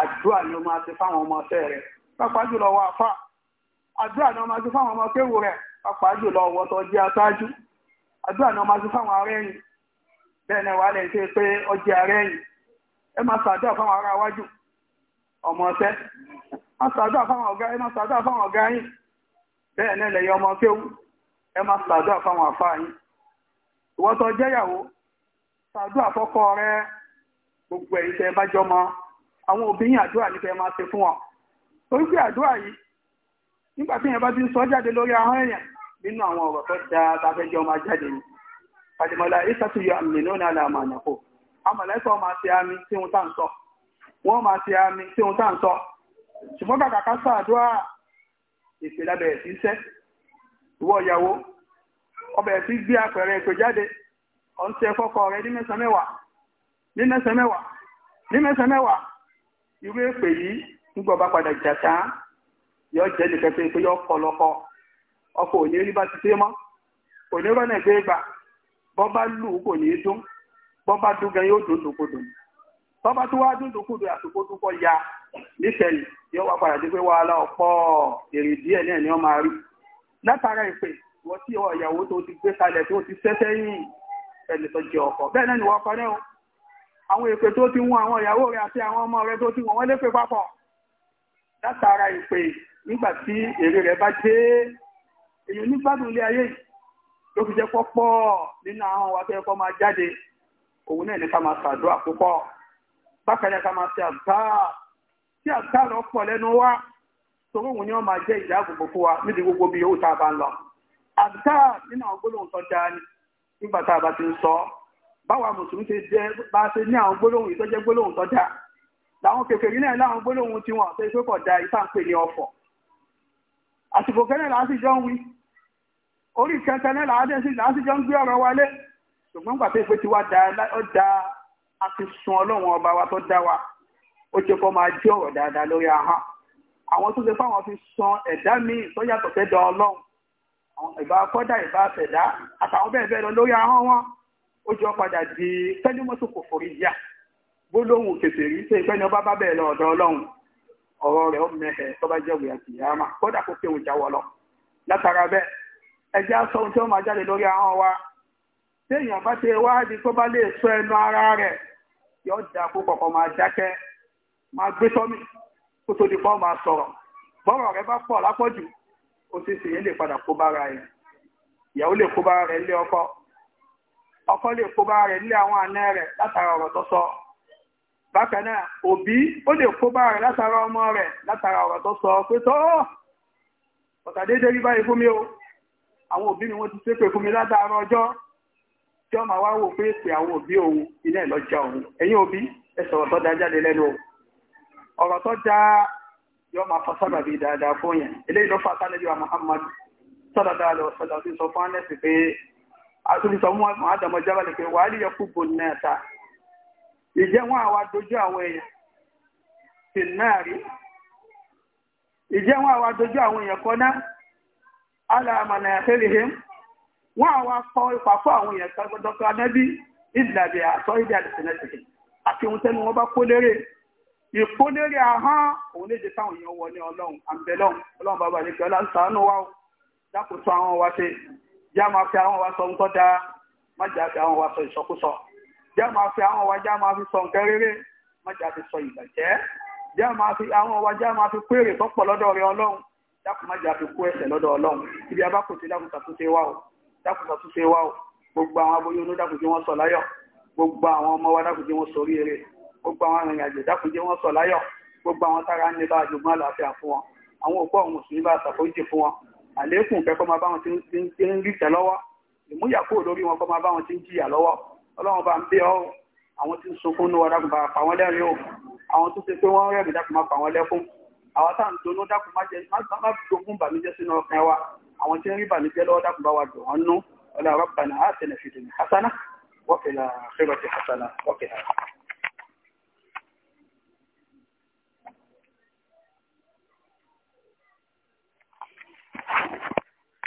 àdúrà ni ó máa ti fáwọn ọmọ rẹ̀ pápá jùlọ wọ àdúrà ni ó máa ti fáwọn ọmọ rẹ. rẹ̀ jùlọ ọwọ́ tó jẹ́ aṣáájú àdúrà ni ó máa ti fáwọn arẹ́yìn bẹ́ẹ̀ ni wàá lè ṣe pé ó jẹ́ arẹ́yìn ẹ máa ṣàdúrà fáwọn ará wájú ẹ máa ṣàdúrà fáwọn ọ̀gá yín bẹ́ẹ̀ ẹ máa ṣàdúrà fáwọn yín àwọn òbí yín àdúrà ní kẹ́ ṣe fún wọn torí àdúrà yìí nígbàtí tí bá ti ń sọ jáde lórí ahọ́n èèyàn nínú àwọn ọ̀rọ̀ tó da tafẹ́jọ́ máa jáde ni àdìmọ̀lá ìsàtú yọ àmì lónìí àyànfò máa àmì tí wọ́n ń sọ wọ́n máa àmì tí wọ́n ń sọ ṣùgbọ́n ká iṣẹ́ ìwọ ìyàwó ọbẹ̀ gbé àpẹẹrẹ ètò jáde ṣe ní mẹ́sàn-án irú èpè yìí nígbà ọba padà jàdá yọ jẹ nìkan pé pé yọ kọ lọkọ ọkọ òní rí bá ti dé mọ òní rọ náà gbé gbà bọ́ bá lù ú kò ní í dún bọ́ bá dún gan yóò dún dòkodò bọ́ bá tún wá dún dòkodò àsopọ̀ tún kọ́ ya nísẹ̀yìn yọ wá padà dé pé wàhálà ọ̀pọ̀ èrè díẹ̀ náà ni wọ́n máa rí látara ìpè wọ́n tí ìyàwó tó ti gbé kalẹ̀ tó ti sẹ́sẹ́ yìn ẹni tó jẹ ọkọ bẹ́ẹ̀ náà ni wọ́n parẹ́ o àwọn èpè tó ti wọn àwọn ìyàwó rẹ̀ àti àwọn ọmọ rẹ̀ tó ti wọn wọ́n lépè papọ̀ látara ìpè nígbà tí èrè rẹ̀ bá dé èyàn ní gbádùn ilé ayé ló fi jẹ́ pọ́pọ́ nínú àwọn wa tẹ́ẹ̀kọ́ máa jáde òun náà ní ká máa ṣàdúrà púpọ̀ bákan náà ká máa ṣe àgbáà tí àgbáà lọ pọ̀ lẹ́nu wa torí òun ni wọ́n máa jẹ́ ìdáàbòbò fún wa níbi gbogbo bí yòówù tá a bá ń lọ àgbáà nínú àwọn gbólóhùn tó dáa nígbà tá a bá ti ń sọ ọ́ báwa mùsùlùmí ṣe jẹ́ bá ṣe ní àwọn gbólóhùn yìí tó jẹ́ gbólóhùn tó dáa làwọn kékeré náà láwọn gbólóhùn tí wọ́n ṣe pé kọ̀ da ìta ń pè ní ọ̀fọ̀ àsìkò kẹ́lẹ̀ láti jọ ń wí orí kẹta náà láti jọ ń gbé ọ̀rọ̀ wálé ṣùgbọ́n gbà pé pé ti wá da a ti sun ọlọ́run ọba wa tó dá wa ó jẹ́ kó máa jẹ́ ọ̀rọ̀ dáadáa lórí ahọ́n àwọn tó ṣe fáwọn fi san ẹ̀dá míì tó yàtọ̀ fẹ́ dán ọlọ́run ìbá kọ́dà ìbá fẹ̀dá àtàwọn bẹ́ẹ̀ bẹ́ẹ̀ lọ lórí ahọ́n wọn ó jọ padà di kẹ́límọ́tò kò forí yá gbólóhùn kèfèrí ṣe ìpẹ́ni ọba bá bẹ̀rẹ̀ lọ ọlọ́run ọ̀rọ̀ rẹ̀ ó mẹ́hẹ̀ tó bá jẹ́wèé àti ìyáàmà kódà kó kéwòn jáwọ́ lọ tí wọ́n wa téèyàn bá ṣe wáádìí tó bá lè ara rẹ̀ yọ da púpọ̀ kan máa dákẹ́ máa gbé kó tó di pọ́n máa sọ̀rọ̀ bọ́rọ̀ rẹ̀ bá pọ̀ lápọ̀jù ó lè padà ọkọ lè kó bá rẹ̀ nílé àwọn àna rẹ̀ látara ọ̀rọ̀ tó sọ bákan náà òbí ó lè kó bá rẹ̀ látara ọmọ rẹ̀ látara ọ̀rọ̀ sọ pé tó ọ̀tàdédé rí báyìí mi o àwọn òbí mi wọ́n ti ṣépè fún mi látara ọjọ́ tí ọmọ wa wò pé pé àwọn òbí òun ìlọ́jà òun ẹ̀yin òbí ẹ sọ̀rọ̀ tó da jáde lẹ́nu o ọ̀rọ̀ tó da yọ máa fọ dáadáa fún yẹn eléyìí ló fà sálẹ̀ àtúntò mú àwọn àdàmọ̀ jábàlẹ̀ pé wà á lè yọkú bò náà ta ìjẹ́ wọn àwa dojú àwọn èèyàn sì náà rí ìjẹ́ wọn àwa dojú àwọn èèyàn kan náà alàmànà àfẹ́lẹ̀hẹ́ wọn àwa kọ ipa fún àwọn èèyàn kan gbọdọ̀ kan anábì ìdàbẹ̀ àtọ́ ìdí àdìsẹ́nẹ́sì àti ohun tẹ́nu wọn bá kó lérè ìkólérè ahọ́n òun léde táwọn èèyàn wọlé ọlọ́run àǹbẹ̀lọ́run ọlọ́run bàbá àdékẹ́ ọlá ń sàánú wa dákòóso àwọn wa ṣe já máa fi àwọn wa sọ nǹkan dáa má jà fi àwọn wa sọ ìsọkúsọ já máa fi àwọn wa já máa fi sọ nǹkan rere má jà fi sọ ìbàjẹ́ já máa fi àwọn wa já máa fi kó èrè tó pọ̀ lọ́dọ̀ rẹ ọlọ́run dákun má jà fi kó ẹsẹ̀ lọ́dọ̀ ọlọ́run ibi abákòtí dákun ṣàtúnṣe wa o dákun o gbogbo àwọn aboyún gbogbo àwọn ọmọ wa dákun jẹ́ sọ oríire gbogbo àwọn arìnrìn àjò dákun jẹ́ sọ láyọ̀ gbogbo àwọn tára ń lè bá àjògùn àlàáfíà fún wọn àwọn òpó àwọn mùsùlùmí bá ṣàforíjì fún wọn àlékún fẹ́ kọ́ máa bá wọn ti ń ríṣẹ́ lọ́wọ́ ìmúyàkó lórí wọn kọ́ máa bá wọn ti ń jìyà lọ́wọ́ ọlọ́run bá ń bẹ́ ọ́ àwọn tí ń sunkún ní ọ̀dàkùn bá pa wọ́n lẹ́rìn o àwọn tó ṣe pé wọ́n rẹ̀mí dákun máa pa wọ́n lẹ́kún àwọn tá à ń donú dákun má jẹ má dogun bàmíjẹ́ sínú ọkàn wa àwọn tí ń rí bàmíjẹ́ lọ́wọ́ dákun bá wa dùn wọn nú ọlọ́run bá ní àtẹnẹfìdì hasana wọ́pẹ̀lá àfẹ́rọ̀tì hasana wọ́pẹ̀lá.